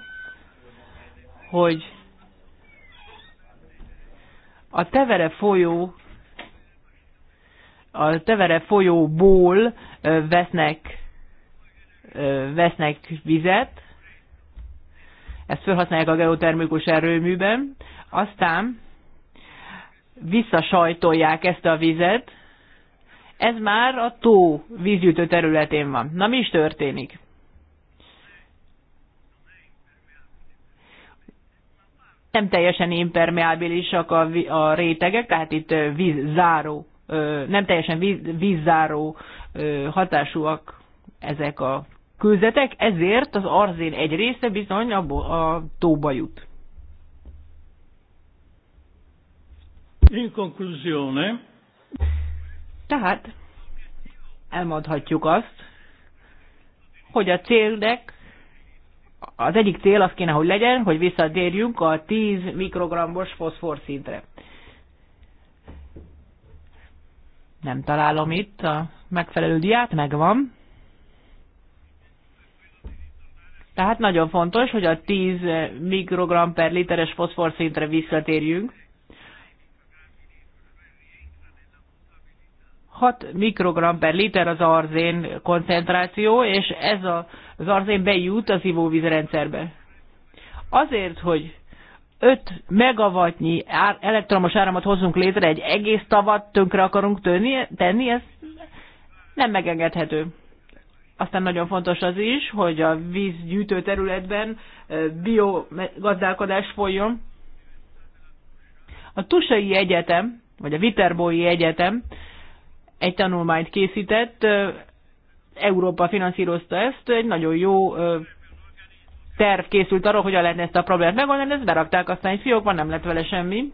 hogy a Tevere folyó a Tevere folyóból vesznek, vesznek vizet, ezt felhasználják a geotermikus erőműben, aztán visszasajtolják ezt a vizet, ez már a tó vízgyűjtő területén van. Na mi is történik? Nem teljesen impermeábilisak a, a rétegek, tehát itt vízzáró nem teljesen vízzáró hatásúak ezek a kőzetek, ezért az arzén egy része bizony a, a tóba jut. In conclusione. Tehát elmondhatjuk azt, hogy a célnek az egyik cél az kéne, hogy legyen, hogy visszatérjünk a 10 mikrogrammos foszforszintre. szintre. Nem találom itt a megfelelő diát, megvan. Tehát nagyon fontos, hogy a 10 mikrogram per literes foszfor szintre visszatérjünk. 6 mikrogram per liter az arzén koncentráció, és ez a, az arzén bejut az ivóvízrendszerbe. Azért, hogy 5 megavatnyi elektromos áramot hozunk létre, egy egész tavat tönkre akarunk tönni, tenni, ez nem megengedhető. Aztán nagyon fontos az is, hogy a vízgyűjtő területben biogazdálkodás folyjon. A Tusai Egyetem, vagy a Viterbói Egyetem egy tanulmányt készített, Európa finanszírozta ezt, egy nagyon jó terv készült arról, hogyan lehetne ezt a problémát megoldani, ezt berakták aztán egy fiókban, nem lett vele semmi.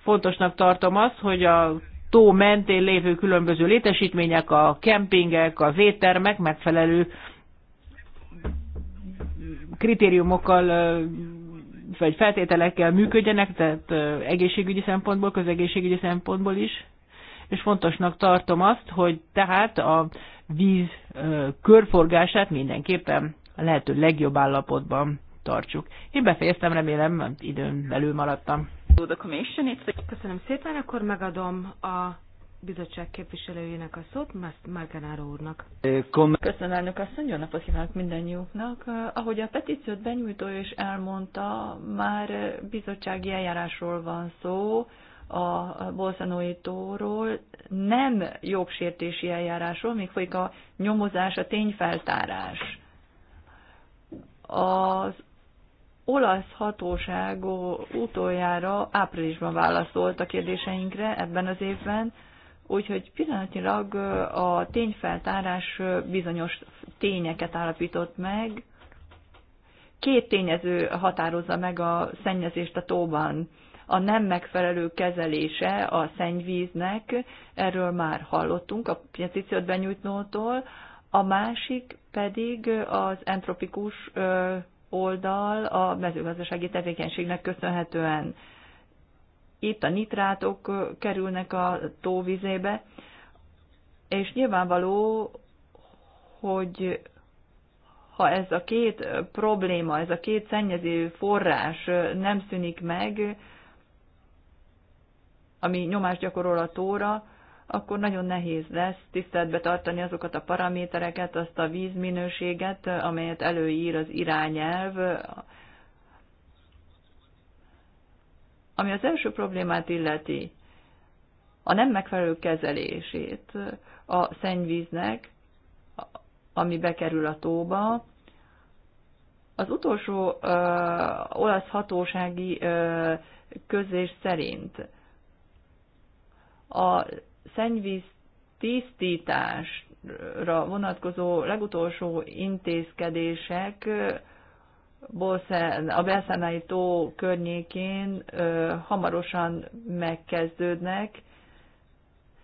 Fontosnak tartom azt, hogy a tó mentén lévő különböző létesítmények, a kempingek, az éttermek megfelelő kritériumokkal vagy feltételekkel működjenek, tehát egészségügyi szempontból, közegészségügyi szempontból is. És fontosnak tartom azt, hogy tehát a víz körforgását mindenképpen a lehető legjobb állapotban tartsuk. Én befejeztem, remélem, időn belül maradtam. Köszönöm szépen, akkor megadom a bizottság képviselőjének a szót, Márkanáró úrnak. Köszönöm, elnök asszony, jó napot kívánok mindannyiuknak. Ahogy a petíciót benyújtó és elmondta, már bizottsági eljárásról van szó, a Bolszanói tóról, nem jogsértési eljárásról, még folyik a nyomozás, a tényfeltárás. Az olasz hatóság utoljára áprilisban válaszolt a kérdéseinkre ebben az évben, úgyhogy pillanatnyilag a tényfeltárás bizonyos tényeket állapított meg. Két tényező határozza meg a szennyezést a tóban. A nem megfelelő kezelése a szennyvíznek, erről már hallottunk a petíciót benyújtnótól, a másik pedig az entropikus oldal a mezőgazdasági tevékenységnek köszönhetően. Itt a nitrátok kerülnek a tóvizébe, és nyilvánvaló, hogy ha ez a két probléma, ez a két szennyező forrás nem szűnik meg, ami nyomást gyakorol a tóra, akkor nagyon nehéz lesz tiszteletbe tartani azokat a paramétereket, azt a vízminőséget, amelyet előír az irányelv, ami az első problémát illeti, a nem megfelelő kezelését a szennyvíznek, ami bekerül a tóba, az utolsó ö, olasz hatósági ö, közés szerint a szennyvíz tisztításra vonatkozó legutolsó intézkedések a Belszánai tó környékén hamarosan megkezdődnek,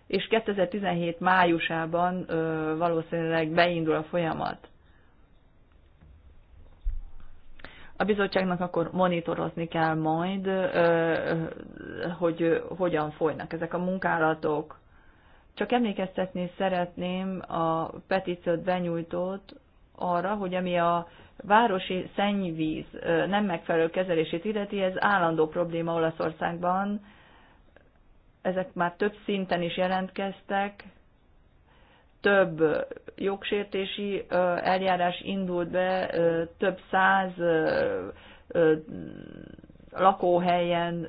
és 2017 májusában valószínűleg beindul a folyamat. A bizottságnak akkor monitorozni kell majd, hogy hogyan folynak ezek a munkálatok. Csak emlékeztetni szeretném a petíciót benyújtót arra, hogy ami a városi szennyvíz nem megfelelő kezelését illeti, ez állandó probléma Olaszországban. Ezek már több szinten is jelentkeztek, több jogsértési eljárás indult be, több száz lakóhelyen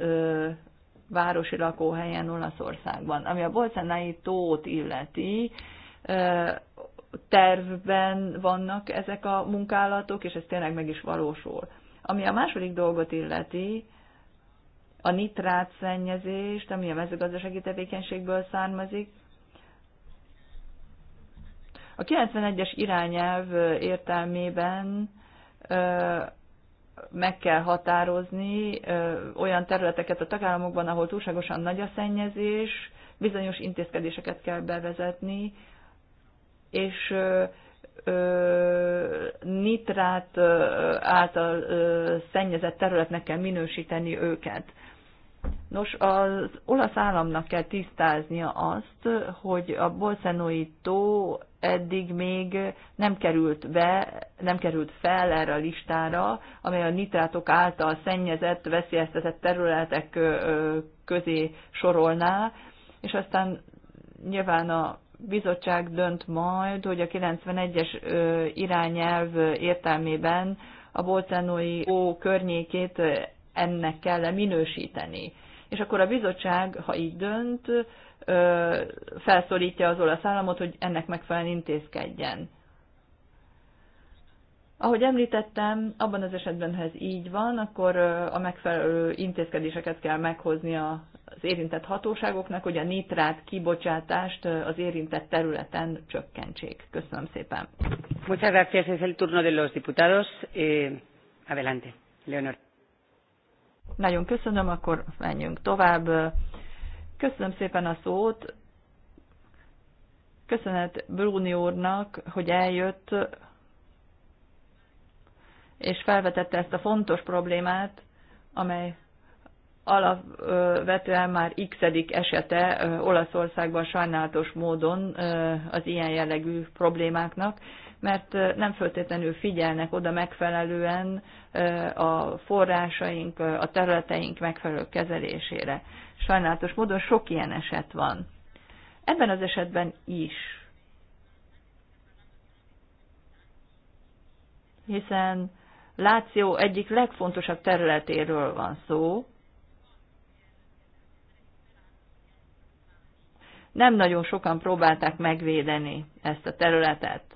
városi lakóhelyen Olaszországban. Ami a Bolcenai tót illeti, tervben vannak ezek a munkálatok, és ez tényleg meg is valósul. Ami a második dolgot illeti, a nitrát szennyezést, ami a mezőgazdasági tevékenységből származik. A 91-es irányelv értelmében meg kell határozni olyan területeket a tagállamokban, ahol túlságosan nagy a szennyezés, bizonyos intézkedéseket kell bevezetni, és nitrát által szennyezett területnek kell minősíteni őket. Nos, az olasz államnak kell tisztáznia azt, hogy a bolszenói tó eddig még nem került be, nem került fel erre a listára, amely a nitrátok által szennyezett, veszélyeztetett területek közé sorolná, és aztán nyilván a bizottság dönt majd, hogy a 91-es irányelv értelmében a bolcenói ó környékét ennek kell -e minősíteni. És akkor a bizottság, ha így dönt, felszólítja az olasz államot, hogy ennek megfelelően intézkedjen. Ahogy említettem, abban az esetben, ha ez így van, akkor a megfelelő intézkedéseket kell meghozni az érintett hatóságoknak, hogy a nitrát kibocsátást az érintett területen csökkentsék. Köszönöm szépen. Muchas gracias. Es el turno de los diputados. Eh, adelante. Leonor. Nagyon köszönöm, akkor menjünk tovább. Köszönöm szépen a szót. Köszönet Bruni úrnak, hogy eljött és felvetette ezt a fontos problémát, amely alapvetően már x esete Olaszországban sajnálatos módon az ilyen jellegű problémáknak mert nem föltétlenül figyelnek oda megfelelően a forrásaink, a területeink megfelelő kezelésére. Sajnálatos módon sok ilyen eset van. Ebben az esetben is. Hiszen Láció egyik legfontosabb területéről van szó, nem nagyon sokan próbálták megvédeni ezt a területet.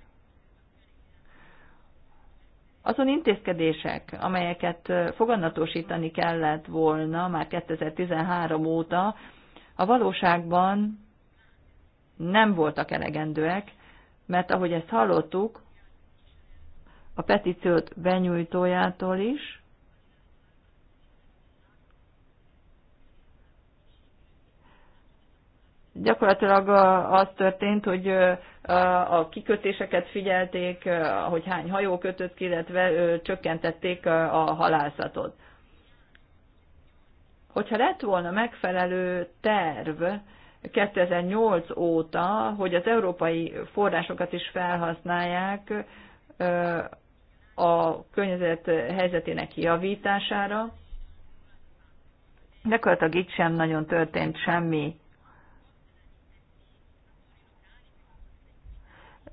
Azon intézkedések, amelyeket foganatosítani kellett volna már 2013 óta, a valóságban nem voltak elegendőek, mert ahogy ezt hallottuk, a petíciót benyújtójától is, gyakorlatilag az történt, hogy a kikötéseket figyelték, hogy hány hajó kötött ki, illetve csökkentették a halászatot. Hogyha lett volna megfelelő terv 2008 óta, hogy az európai forrásokat is felhasználják a környezet helyzetének javítására, gyakorlatilag itt sem nagyon történt semmi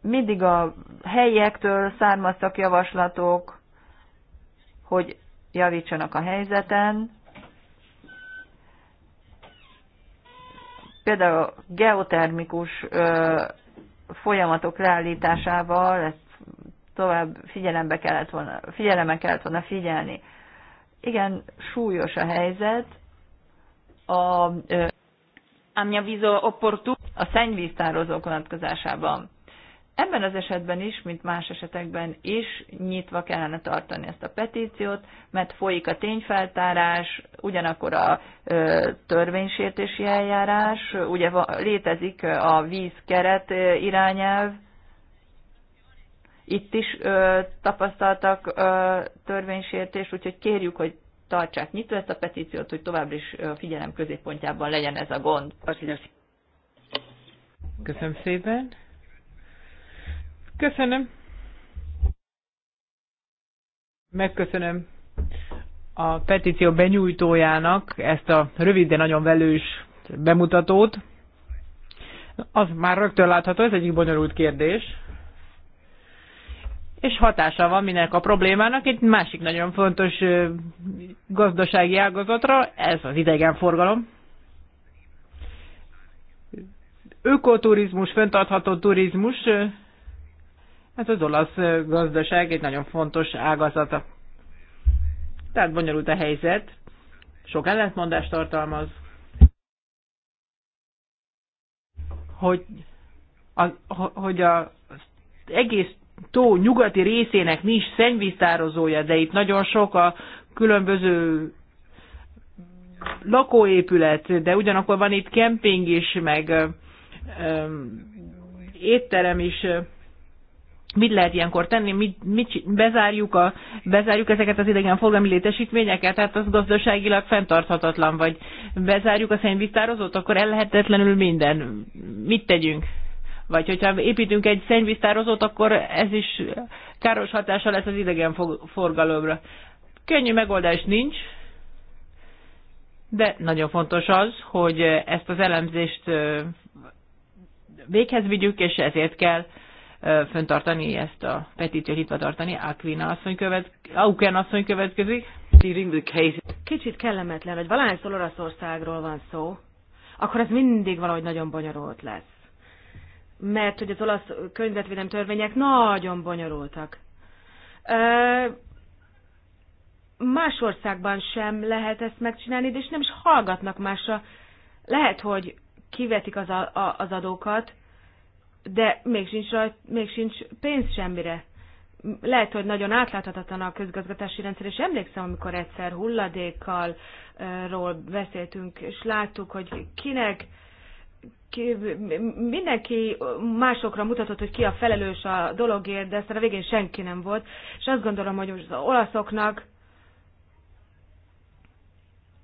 mindig a helyiektől származtak javaslatok, hogy javítsanak a helyzeten. Például a geotermikus folyamatok leállításával ezt tovább figyelembe kellett volna, figyelembe kellett volna figyelni. Igen, súlyos a helyzet. A, a szennyvíztározók vonatkozásában Ebben az esetben is, mint más esetekben is nyitva kellene tartani ezt a petíciót, mert folyik a tényfeltárás, ugyanakkor a ö, törvénysértési eljárás, ugye létezik a vízkeret irányelv, itt is ö, tapasztaltak ö, törvénysértést, úgyhogy kérjük, hogy tartsák nyitva ezt a petíciót, hogy továbbra is figyelem középpontjában legyen ez a gond. Köszönöm szépen. Köszönöm. Megköszönöm a petíció benyújtójának ezt a rövid, de nagyon velős bemutatót. Az már rögtön látható, ez egyik bonyolult kérdés. És hatása van minek a problémának egy másik nagyon fontos gazdasági ágazatra, ez az idegenforgalom. Ökoturizmus, fenntartható turizmus Hát az olasz gazdaság egy nagyon fontos ágazata. Tehát bonyolult a helyzet, sok ellentmondást tartalmaz, hogy a, hogy a egész tó nyugati részének nincs szennyvíztározója, de itt nagyon sok a különböző lakóépület, de ugyanakkor van itt kemping is, meg ö, étterem is mit lehet ilyenkor tenni, mit, mit bezárjuk, a, bezárjuk ezeket az idegenforgalmi létesítményeket, tehát az gazdaságilag fenntarthatatlan, vagy bezárjuk a szennyvíztározót, akkor ellehetetlenül minden. Mit tegyünk? Vagy hogyha építünk egy szennyvíztározót, akkor ez is káros hatása lesz az forgalomra. Könnyű megoldás nincs, de nagyon fontos az, hogy ezt az elemzést véghez vigyük, és ezért kell föntartani, ezt a petíciót nyitva tartani. Aquina asszony követ, Auken asszony következik. Kicsit kellemetlen, hogy valahányszor Olaszországról van szó, akkor ez mindig valahogy nagyon bonyolult lesz. Mert hogy az olasz könyvetvédelmi törvények nagyon bonyolultak. Ö, más országban sem lehet ezt megcsinálni, és nem is hallgatnak másra. Lehet, hogy kivetik az, a, a, az adókat, de még sincs, rajt, még sincs pénz semmire. Lehet, hogy nagyon átláthatatlan a közgazgatási rendszer, és emlékszem, amikor egyszer hulladékkal ról beszéltünk, és láttuk, hogy kinek ki, mindenki másokra mutatott, hogy ki a felelős a dologért, de aztán a végén senki nem volt. És azt gondolom, hogy most az olaszoknak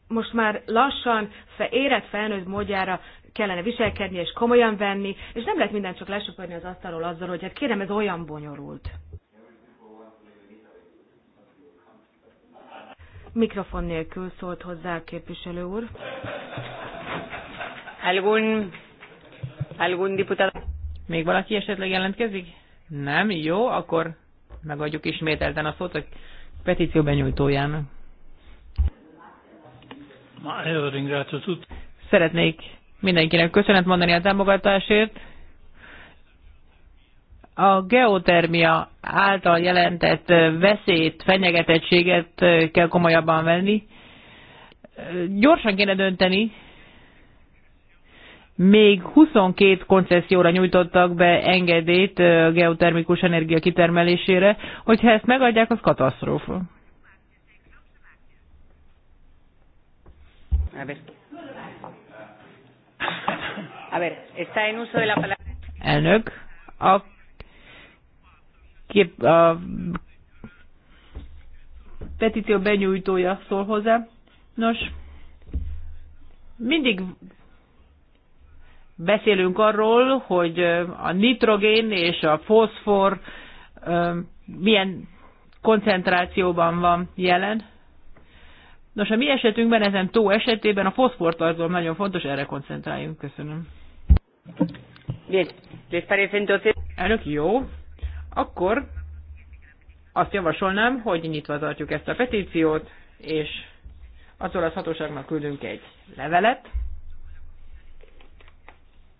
most már lassan fe, érett felnőtt módjára kellene viselkedni és komolyan venni, és nem lehet mindent csak lesöpörni az asztalról azzal, hogy hát kérem, ez olyan bonyolult. Mikrofon nélkül szólt hozzá a képviselő úr. Algún, algún diputado. Még valaki esetleg jelentkezik? Nem? Jó, akkor megadjuk ismételten a szót a petíció benyújtójának. Szeretnék Mindenkinek köszönet mondani a támogatásért. A geotermia által jelentett veszélyt, fenyegetettséget kell komolyabban venni. Gyorsan kéne dönteni, még 22 koncesszióra nyújtottak be engedélyt a geotermikus energia kitermelésére, hogyha ezt megadják, az katasztrófa. A ver, está en uso de la palabra. Elnök, a, kép, a petíció benyújtója szól hozzá. Nos, mindig beszélünk arról, hogy a nitrogén és a foszfor milyen koncentrációban van jelen. Nos, a mi esetünkben, ezen tó esetében a foszfortartalom nagyon fontos, erre koncentráljunk. Köszönöm. Bien, les parece entonces... Elnök, jó. Akkor azt javasolnám, hogy nyitva tartjuk ezt a petíciót, és az olasz hatóságnak küldünk egy levelet,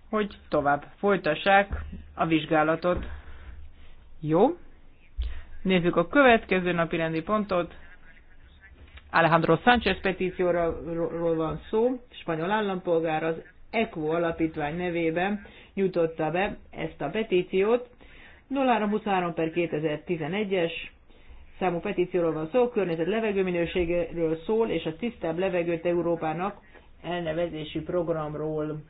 hogy tovább folytassák a vizsgálatot. Jó. Nézzük a következő napi rendi pontot. Alejandro Sánchez petícióról van szó, spanyol állampolgár az ECO alapítvány nevében nyújtotta be ezt a petíciót. 0323 per 2011-es számú petícióról van szó, környezet levegőminőségéről szól, és a tisztább levegőt Európának elnevezési programról.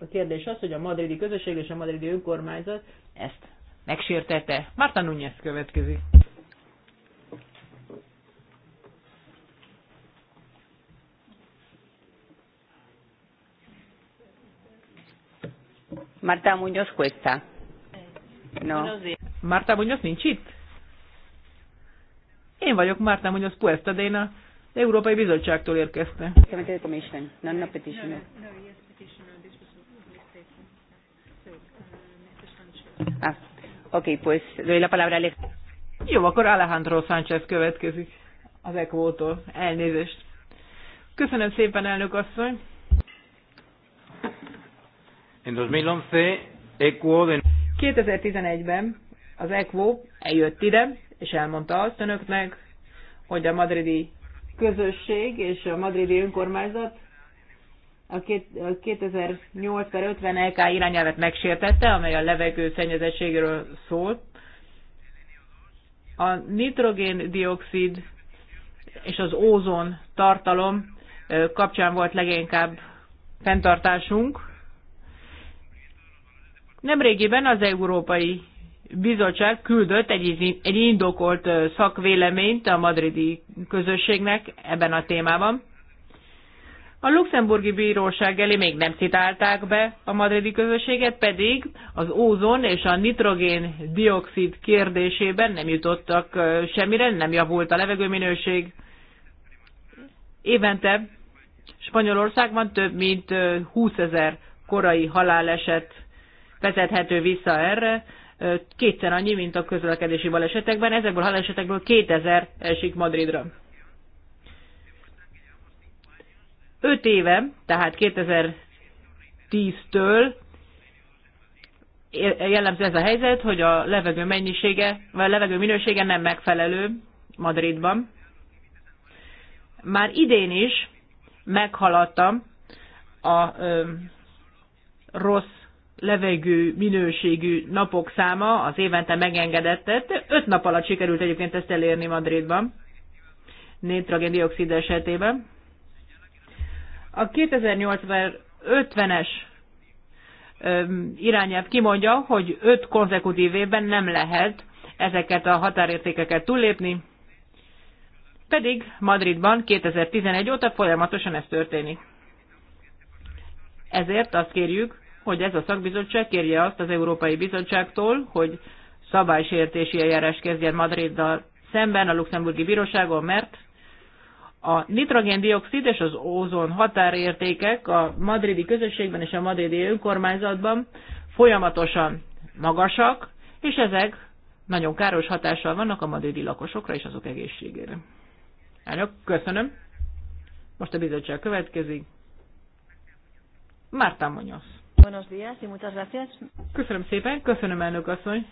A kérdés az, hogy a madridi közösség és a madridi önkormányzat ezt megsértette. Marta Núñez következik. Marta Muñoz Cuesta. No. Marta Muñoz nincs itt? Én vagyok Marta Muñoz Cuesta, de én az Európai Bizottságtól érkeztem. Oké, non no uh, ah, pues doy la palabra a Jó, akkor Alejandro Sánchez következik az ECO-tól. Elnézést. Köszönöm szépen, elnök asszony. En 2011, ben az Equo eljött ide, és elmondta azt önöknek, hogy a madridi közösség és a madridi önkormányzat a 2008 per 50 LK irányelvet megsértette, amely a levegő szennyezettségről szól. A nitrogén-dioxid és az ózon tartalom kapcsán volt leginkább fenntartásunk, Nemrégiben az Európai Bizottság küldött egy, egy indokolt szakvéleményt a madridi közösségnek ebben a témában. A luxemburgi bíróság elé még nem citálták be a madridi közösséget, pedig az ózon és a nitrogén dioxid kérdésében nem jutottak semmire, nem javult a levegőminőség. Évente Spanyolországban több mint 20 ezer korai haláleset vezethető vissza erre, kétszer annyi, mint a közlekedési balesetekben. Ezekből a balesetekből 2000 esik Madridra. 5 éve, tehát 2010-től jellemző ez a helyzet, hogy a levegő mennyisége, vagy a levegő minősége nem megfelelő Madridban. Már idén is meghaladtam a ö, rossz levegő minőségű napok száma az évente megengedettet. Öt nap alatt sikerült egyébként ezt elérni Madridban, nitrogén-dioxid esetében. A 2850 es irányát kimondja, hogy öt konzekutív évben nem lehet ezeket a határértékeket túllépni, pedig Madridban 2011 óta folyamatosan ez történik. Ezért azt kérjük, hogy ez a szakbizottság kérje azt az Európai Bizottságtól, hogy szabálysértési eljárás kezdjen Madriddal szemben a luxemburgi bíróságon, mert a nitrogéndioxid és az ózon határértékek a madridi közösségben és a madridi önkormányzatban folyamatosan magasak, és ezek nagyon káros hatással vannak a madridi lakosokra és azok egészségére. Elnök, köszönöm. Most a bizottság következik. Márta Monyosz. Buenos días y muchas gracias. Köszönöm szépen, köszönöm elnök asszony.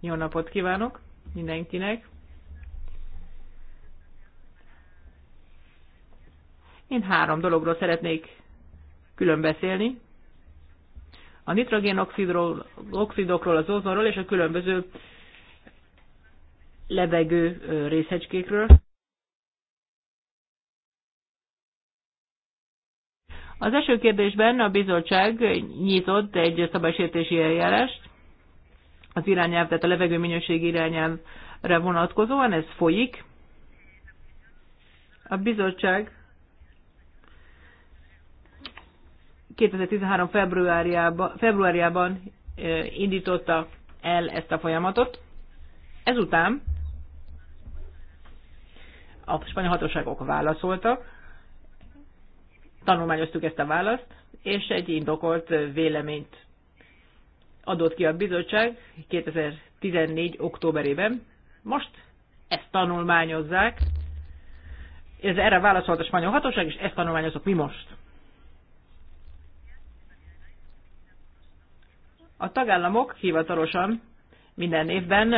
Jó napot kívánok mindenkinek. Én három dologról szeretnék külön beszélni. A nitrogénoxidokról, az ozonról és a különböző levegő részecskékről. Az első kérdésben a bizottság nyitott egy szabálysértési eljárás az irányelv, tehát a levegőminőség irányelvre vonatkozóan, ez folyik. A bizottság 2013. februárjában, februárjában indította el ezt a folyamatot. Ezután a spanyol hatóságok válaszoltak, tanulmányoztuk ezt a választ, és egy indokolt véleményt adott ki a bizottság 2014. októberében. Most ezt tanulmányozzák, ez erre válaszolt a spanyol hatóság, és ezt tanulmányozok mi most. A tagállamok hivatalosan minden évben,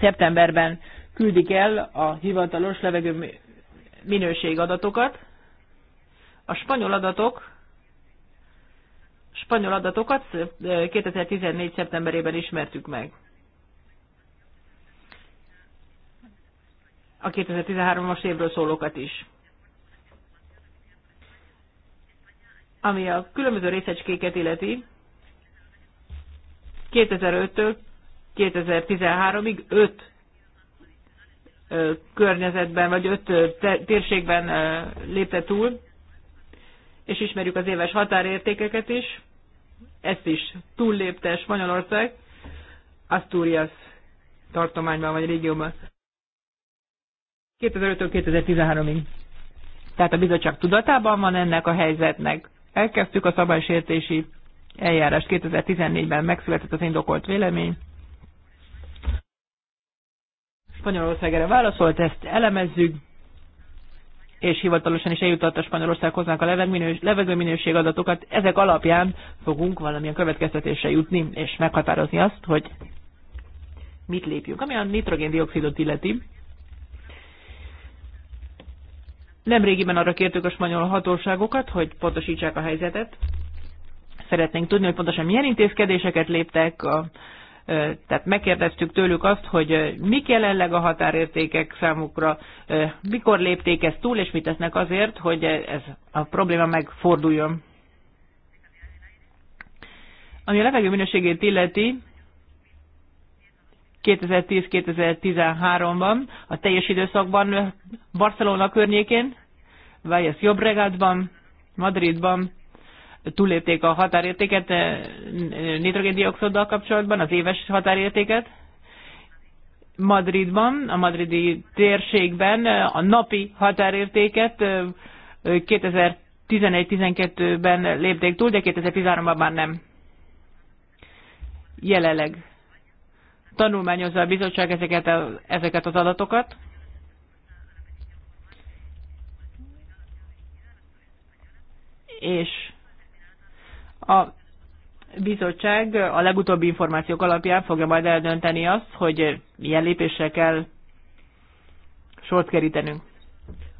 szeptemberben küldik el a hivatalos levegő minőségadatokat, a spanyol adatok spanyol adatokat 2014. Eh, szeptemberében ismertük meg. A 2013-as évről szólókat is. Ami a különböző részecskéket illeti, 2005-től 2013-ig 5 környezetben, vagy 5 eh, térségben eh, lépte túl és ismerjük az éves határértékeket is, ezt is túllépte Spanyolország, Asturias tartományban vagy régióban. 2005-től 2013-ig. Tehát a bizottság tudatában van ennek a helyzetnek. Elkezdtük a szabálysértési eljárást 2014-ben megszületett az indokolt vélemény. Spanyolország erre válaszolt, ezt elemezzük, és hivatalosan is eljutott a hozzánk a levegőminőség adatokat. Ezek alapján fogunk valamilyen következtetésre jutni, és meghatározni azt, hogy mit lépjünk. Ami a nitrogéndioxidot illeti, Nemrégiben arra kértük a spanyol hatóságokat, hogy pontosítsák a helyzetet. Szeretnénk tudni, hogy pontosan milyen intézkedéseket léptek a tehát megkérdeztük tőlük azt, hogy mik jelenleg a határértékek számukra, mikor lépték ezt túl, és mit tesznek azért, hogy ez a probléma megforduljon. Ami a levegő minőségét illeti, 2010-2013-ban, a teljes időszakban Barcelona környékén, Valles Jobbregátban, Madridban túlépték a határértéket eh, nitrogéndioxiddal kapcsolatban, az éves határértéket. Madridban, a madridi térségben eh, a napi határértéket 2011-12-ben eh, lépték túl, de 2013-ban már nem. Jelenleg tanulmányozza a bizottság ezeket, a, ezeket az adatokat. És a bizottság a legutóbbi információk alapján fogja majd eldönteni azt, hogy milyen lépésre kell sort kerítenünk.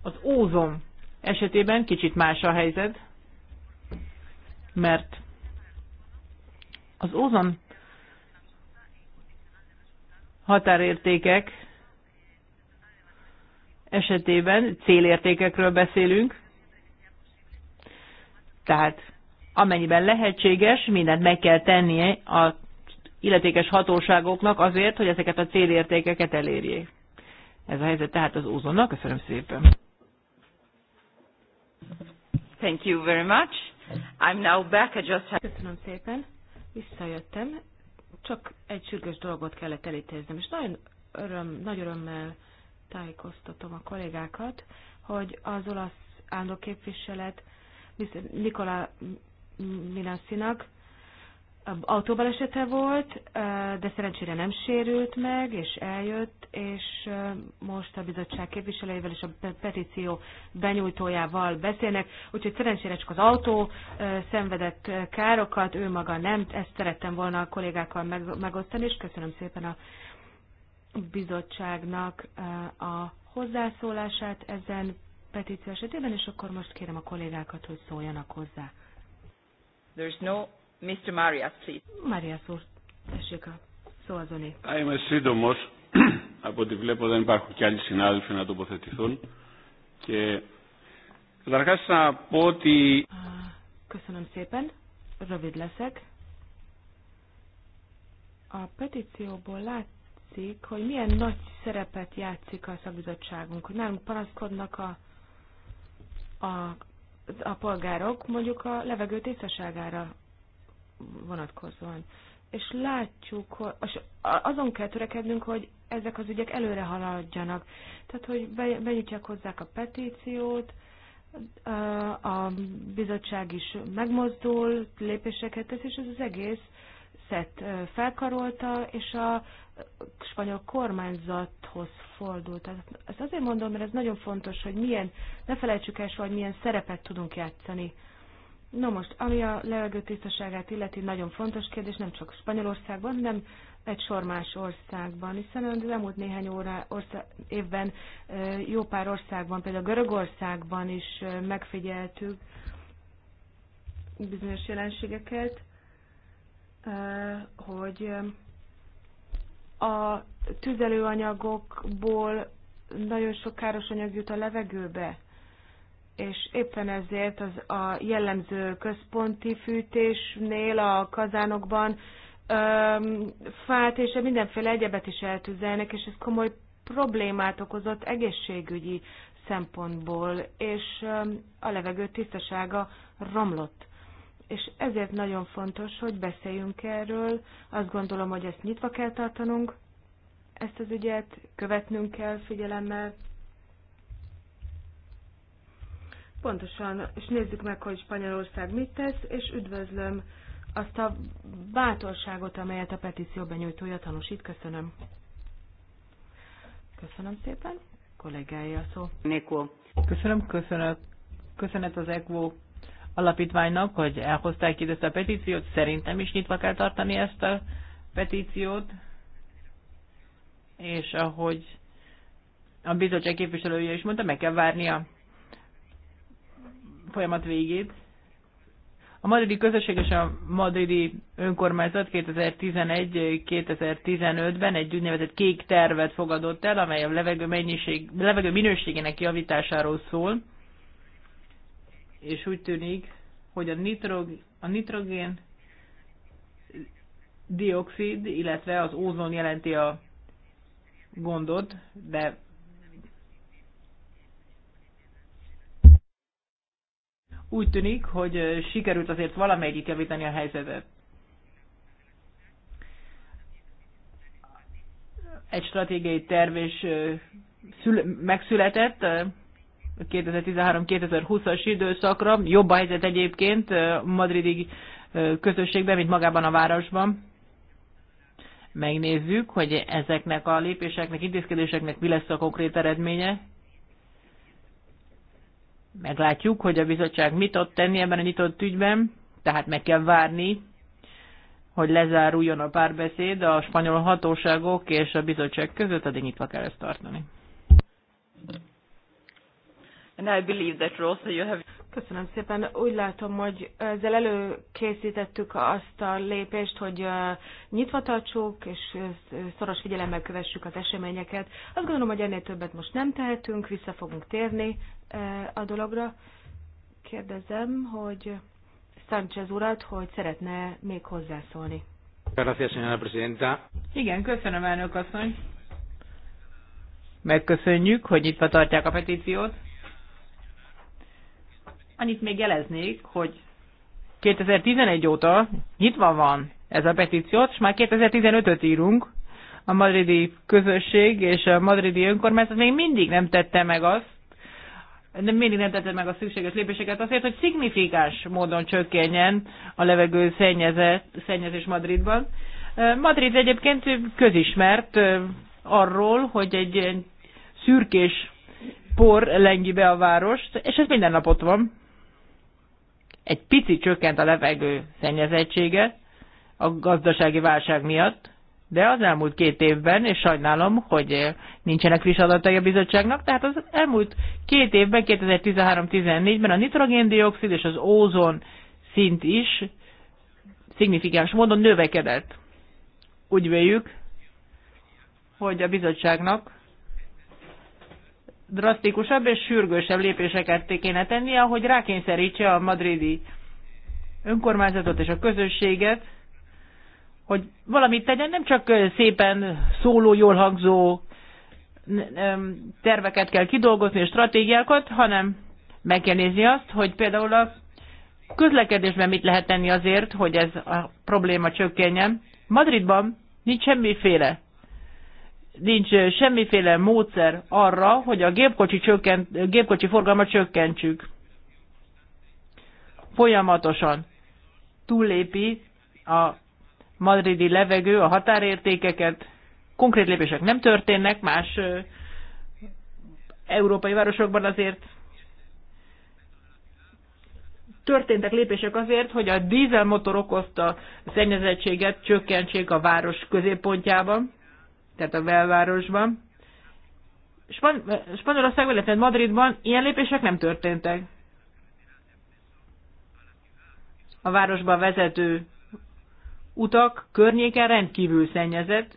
Az ózon esetében kicsit más a helyzet, mert az ózon határértékek esetében célértékekről beszélünk, tehát amennyiben lehetséges, mindent meg kell tennie a illetékes hatóságoknak azért, hogy ezeket a célértékeket elérjék. Ez a helyzet tehát az ózonnal. Köszönöm szépen. Thank you very much. I'm now back. I just have... Köszönöm szépen. Visszajöttem. Csak egy sürgős dolgot kellett elítéznem, és nagyon, öröm, nagy örömmel tájékoztatom a kollégákat, hogy az olasz állandó képviselet Nikola Minassinak autóbalesete volt, de szerencsére nem sérült meg, és eljött, és most a bizottság képviselőivel és a petíció benyújtójával beszélnek, úgyhogy szerencsére csak az autó szenvedett károkat, ő maga nem, ezt szerettem volna a kollégákkal megosztani, és köszönöm szépen a bizottságnak a hozzászólását ezen petíció esetében, és akkor most kérem a kollégákat, hogy szóljanak hozzá. There is no Mr. Marias, please. Marias úr, tessék a szóazoni. Είμαι σύντομο. Από ό,τι βλέπω δεν υπάρχουν και άλλοι συνάδελφοι να τοποθετηθούν. Και καταρχάς να πω ότι... Köszönöm szépen, rövid A petícióból látszik, hogy milyen nagy szerepet játszik a hogy Nálunk panaszkodnak a, a a polgárok mondjuk a levegő tisztaságára vonatkozóan. És látjuk, hogy azon kell törekednünk, hogy ezek az ügyek előre haladjanak. Tehát, hogy benyújtják hozzák a petíciót, a bizottság is megmozdul, lépéseket tesz, és ez az egész Szett felkarolta, és a spanyol kormányzathoz fordult. Hát ez azért mondom, mert ez nagyon fontos, hogy milyen, ne felejtsük el hogy milyen szerepet tudunk játszani. Na most, ami a levegő tisztaságát illeti, nagyon fontos kérdés, nem csak Spanyolországban, hanem egy sor más országban, hiszen az elmúlt néhány óra, ország, évben jó pár országban, például Görögországban is megfigyeltük bizonyos jelenségeket, hogy a tüzelőanyagokból nagyon sok káros anyag jut a levegőbe, és éppen ezért az a jellemző központi fűtésnél, a kazánokban öm, fát és mindenféle egyebet is eltüzelnek, és ez komoly problémát okozott egészségügyi szempontból, és a levegő tisztasága romlott és ezért nagyon fontos, hogy beszéljünk erről. Azt gondolom, hogy ezt nyitva kell tartanunk, ezt az ügyet, követnünk kell figyelemmel. Pontosan, és nézzük meg, hogy Spanyolország mit tesz, és üdvözlöm azt a bátorságot, amelyet a petíció benyújtója tanúsít. Köszönöm. Köszönöm szépen. Kollégája szó. Néko. Köszönöm, köszönet. Köszönet az ECVO alapítványnak, hogy elhozták ide ezt a petíciót, szerintem is nyitva kell tartani ezt a petíciót, és ahogy a bizottság képviselője is mondta, meg kell várni a folyamat végét. A madridi közösség és a madridi önkormányzat 2011-2015-ben egy úgynevezett kék tervet fogadott el, amely a levegő, mennyiség, levegő minőségének javításáról szól és úgy tűnik, hogy a, nitrog, a nitrogén dioxid, illetve az ózon jelenti a gondot, de úgy tűnik, hogy sikerült azért valamelyik javítani a helyzetet. Egy stratégiai terv is megszületett, 2013-2020-as időszakra. Jobb a helyzet egyébként madridi közösségben, mint magában a városban. Megnézzük, hogy ezeknek a lépéseknek, intézkedéseknek mi lesz a konkrét eredménye. Meglátjuk, hogy a bizottság mit ott tenni ebben a nyitott ügyben, tehát meg kell várni, hogy lezáruljon a párbeszéd a spanyol hatóságok és a bizottság között, addig nyitva kell ezt tartani. And I believe that Rosa, you have... Köszönöm szépen. Úgy látom, hogy ezzel előkészítettük azt a lépést, hogy nyitva tartsuk, és szoros figyelemmel kövessük az eseményeket. Azt gondolom, hogy ennél többet most nem tehetünk, vissza fogunk térni a dologra. Kérdezem, hogy Sánchez urat, hogy szeretne még hozzászólni. Igen, köszönöm elnök asszony. Megköszönjük, hogy nyitva tartják a petíciót. Annyit még jeleznék, hogy 2011 óta nyitva van ez a petíciót, és már 2015-öt írunk. A madridi közösség és a madridi önkormányzat még mindig nem tette meg azt, nem mindig nem tette meg a szükséges lépéseket azért, hogy szignifikáns módon csökkenjen a levegő szennyezés Madridban. Madrid egyébként közismert arról, hogy egy szürkés por lengi be a várost, és ez minden nap ott van egy picit csökkent a levegő szennyezettsége a gazdasági válság miatt, de az elmúlt két évben, és sajnálom, hogy eh, nincsenek friss adatai a bizottságnak, tehát az elmúlt két évben, 2013-14-ben a nitrogéndioxid és az ózon szint is szignifikáns módon növekedett. Úgy véljük, hogy a bizottságnak drasztikusabb és sürgősebb lépéseket kéne tennie, ahogy rákényszerítse a madridi önkormányzatot és a közösséget, hogy valamit tegyen, nem csak szépen szóló, jól hangzó terveket kell kidolgozni, és stratégiákat, hanem meg kell nézni azt, hogy például a közlekedésben mit lehet tenni azért, hogy ez a probléma csökkenjen. Madridban nincs semmiféle nincs semmiféle módszer arra, hogy a gépkocsi, csökkent, gépkocsi forgalmat csökkentsük. Folyamatosan túllépi a madridi levegő a határértékeket, konkrét lépések nem történnek, más európai városokban azért történtek lépések azért, hogy a dízelmotor okozta szennyezettséget csökkentsék a város középpontjában tehát a belvárosban. Span- Spanyolország, illetve Madridban ilyen lépések nem történtek. A városban vezető utak környéken rendkívül szennyezett,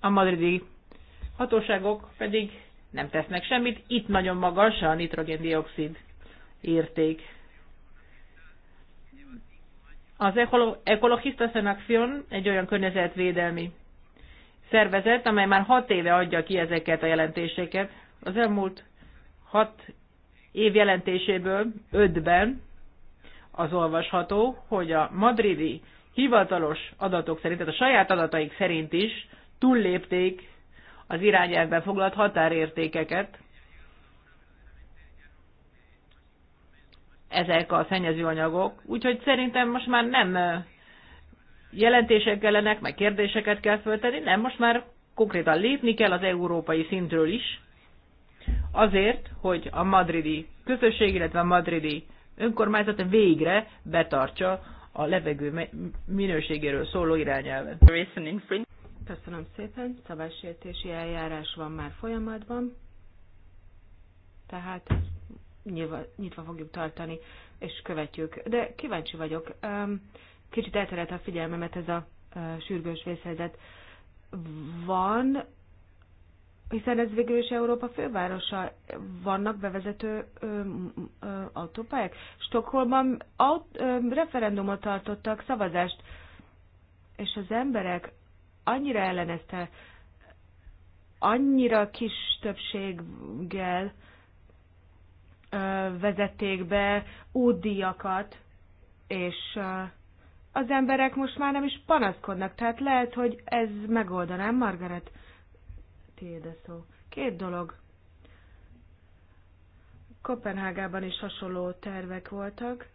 a madridi hatóságok pedig nem tesznek semmit, itt nagyon magas a nitrogéndioxid érték. Az Ecologista Senacción egy olyan környezetvédelmi szervezet, amely már hat éve adja ki ezeket a jelentéseket. Az elmúlt hat év jelentéséből ötben az olvasható, hogy a madridi hivatalos adatok szerint, tehát a saját adataik szerint is túllépték az irányelvben foglalt határértékeket. Ezek a szennyezőanyagok. Úgyhogy szerintem most már nem jelentések kellenek, meg kérdéseket kell föltenni, nem, most már konkrétan lépni kell az európai szintről is, azért, hogy a madridi közösség, illetve a madridi önkormányzat végre betartsa a levegő minőségéről szóló irányelvet. Köszönöm szépen. Szabálysértési eljárás van már folyamatban, tehát nyilva, nyitva fogjuk tartani, és követjük. De kíváncsi vagyok. Um, kicsit elterelt a figyelmemet ez a sürgős vészhelyzet. Van, hiszen ez végül is Európa fővárosa, vannak bevezető ö, ö, autópályák. Stockholmban aut, ö, referendumot tartottak, szavazást, és az emberek annyira ellenezte, annyira kis többséggel ö, vezették be útdíjakat, és ö, az emberek most már nem is panaszkodnak, tehát lehet, hogy ez megoldaná, Margaret. Tiéd a szó. Két dolog. Kopenhágában is hasonló tervek voltak,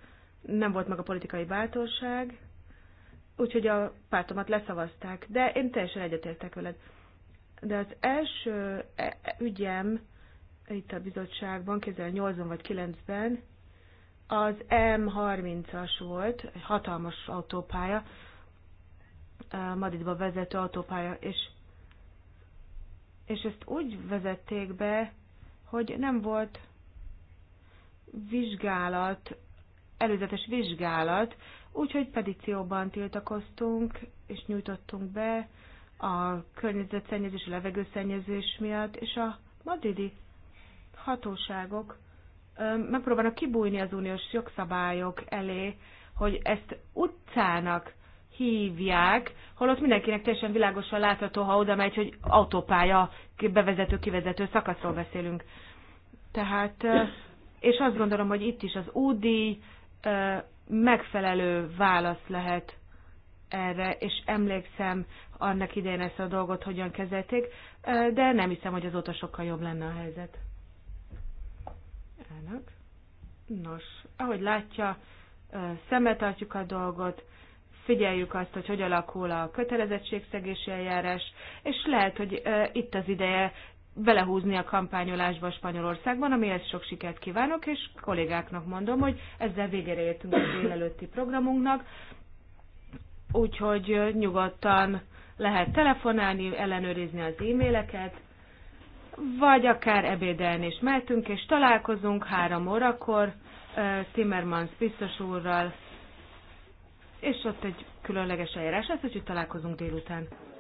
nem volt meg a politikai bátorság, úgyhogy a pártomat leszavazták, de én teljesen egyetértek veled. De az első e, e, ügyem itt a bizottságban, 2008-ban vagy 9-ben, az M30-as volt, egy hatalmas autópálya, Madridba vezető autópálya, és, és ezt úgy vezették be, hogy nem volt vizsgálat, előzetes vizsgálat, úgyhogy petícióban tiltakoztunk, és nyújtottunk be a környezetszennyezés, a levegőszennyezés miatt, és a madridi hatóságok megpróbálnak kibújni az uniós jogszabályok elé, hogy ezt utcának hívják, holott mindenkinek teljesen világosan látható, ha oda megy, hogy autópálya bevezető-kivezető szakaszról beszélünk. Tehát, és azt gondolom, hogy itt is az údi megfelelő válasz lehet erre, és emlékszem annak idején ezt a dolgot, hogyan kezelték, de nem hiszem, hogy azóta sokkal jobb lenne a helyzet elnök. Nos, ahogy látja, szemmel tartjuk a dolgot, figyeljük azt, hogy hogy alakul a kötelezettségszegési eljárás, és lehet, hogy itt az ideje belehúzni a kampányolásba Spanyolországban, amihez sok sikert kívánok, és kollégáknak mondom, hogy ezzel végére értünk a délelőtti programunknak, úgyhogy nyugodtan lehet telefonálni, ellenőrizni az e-maileket, vagy akár ebédelni is mehetünk, és találkozunk három órakor Timmermans biztos úrral, és ott egy különleges eljárás lesz, úgyhogy találkozunk délután.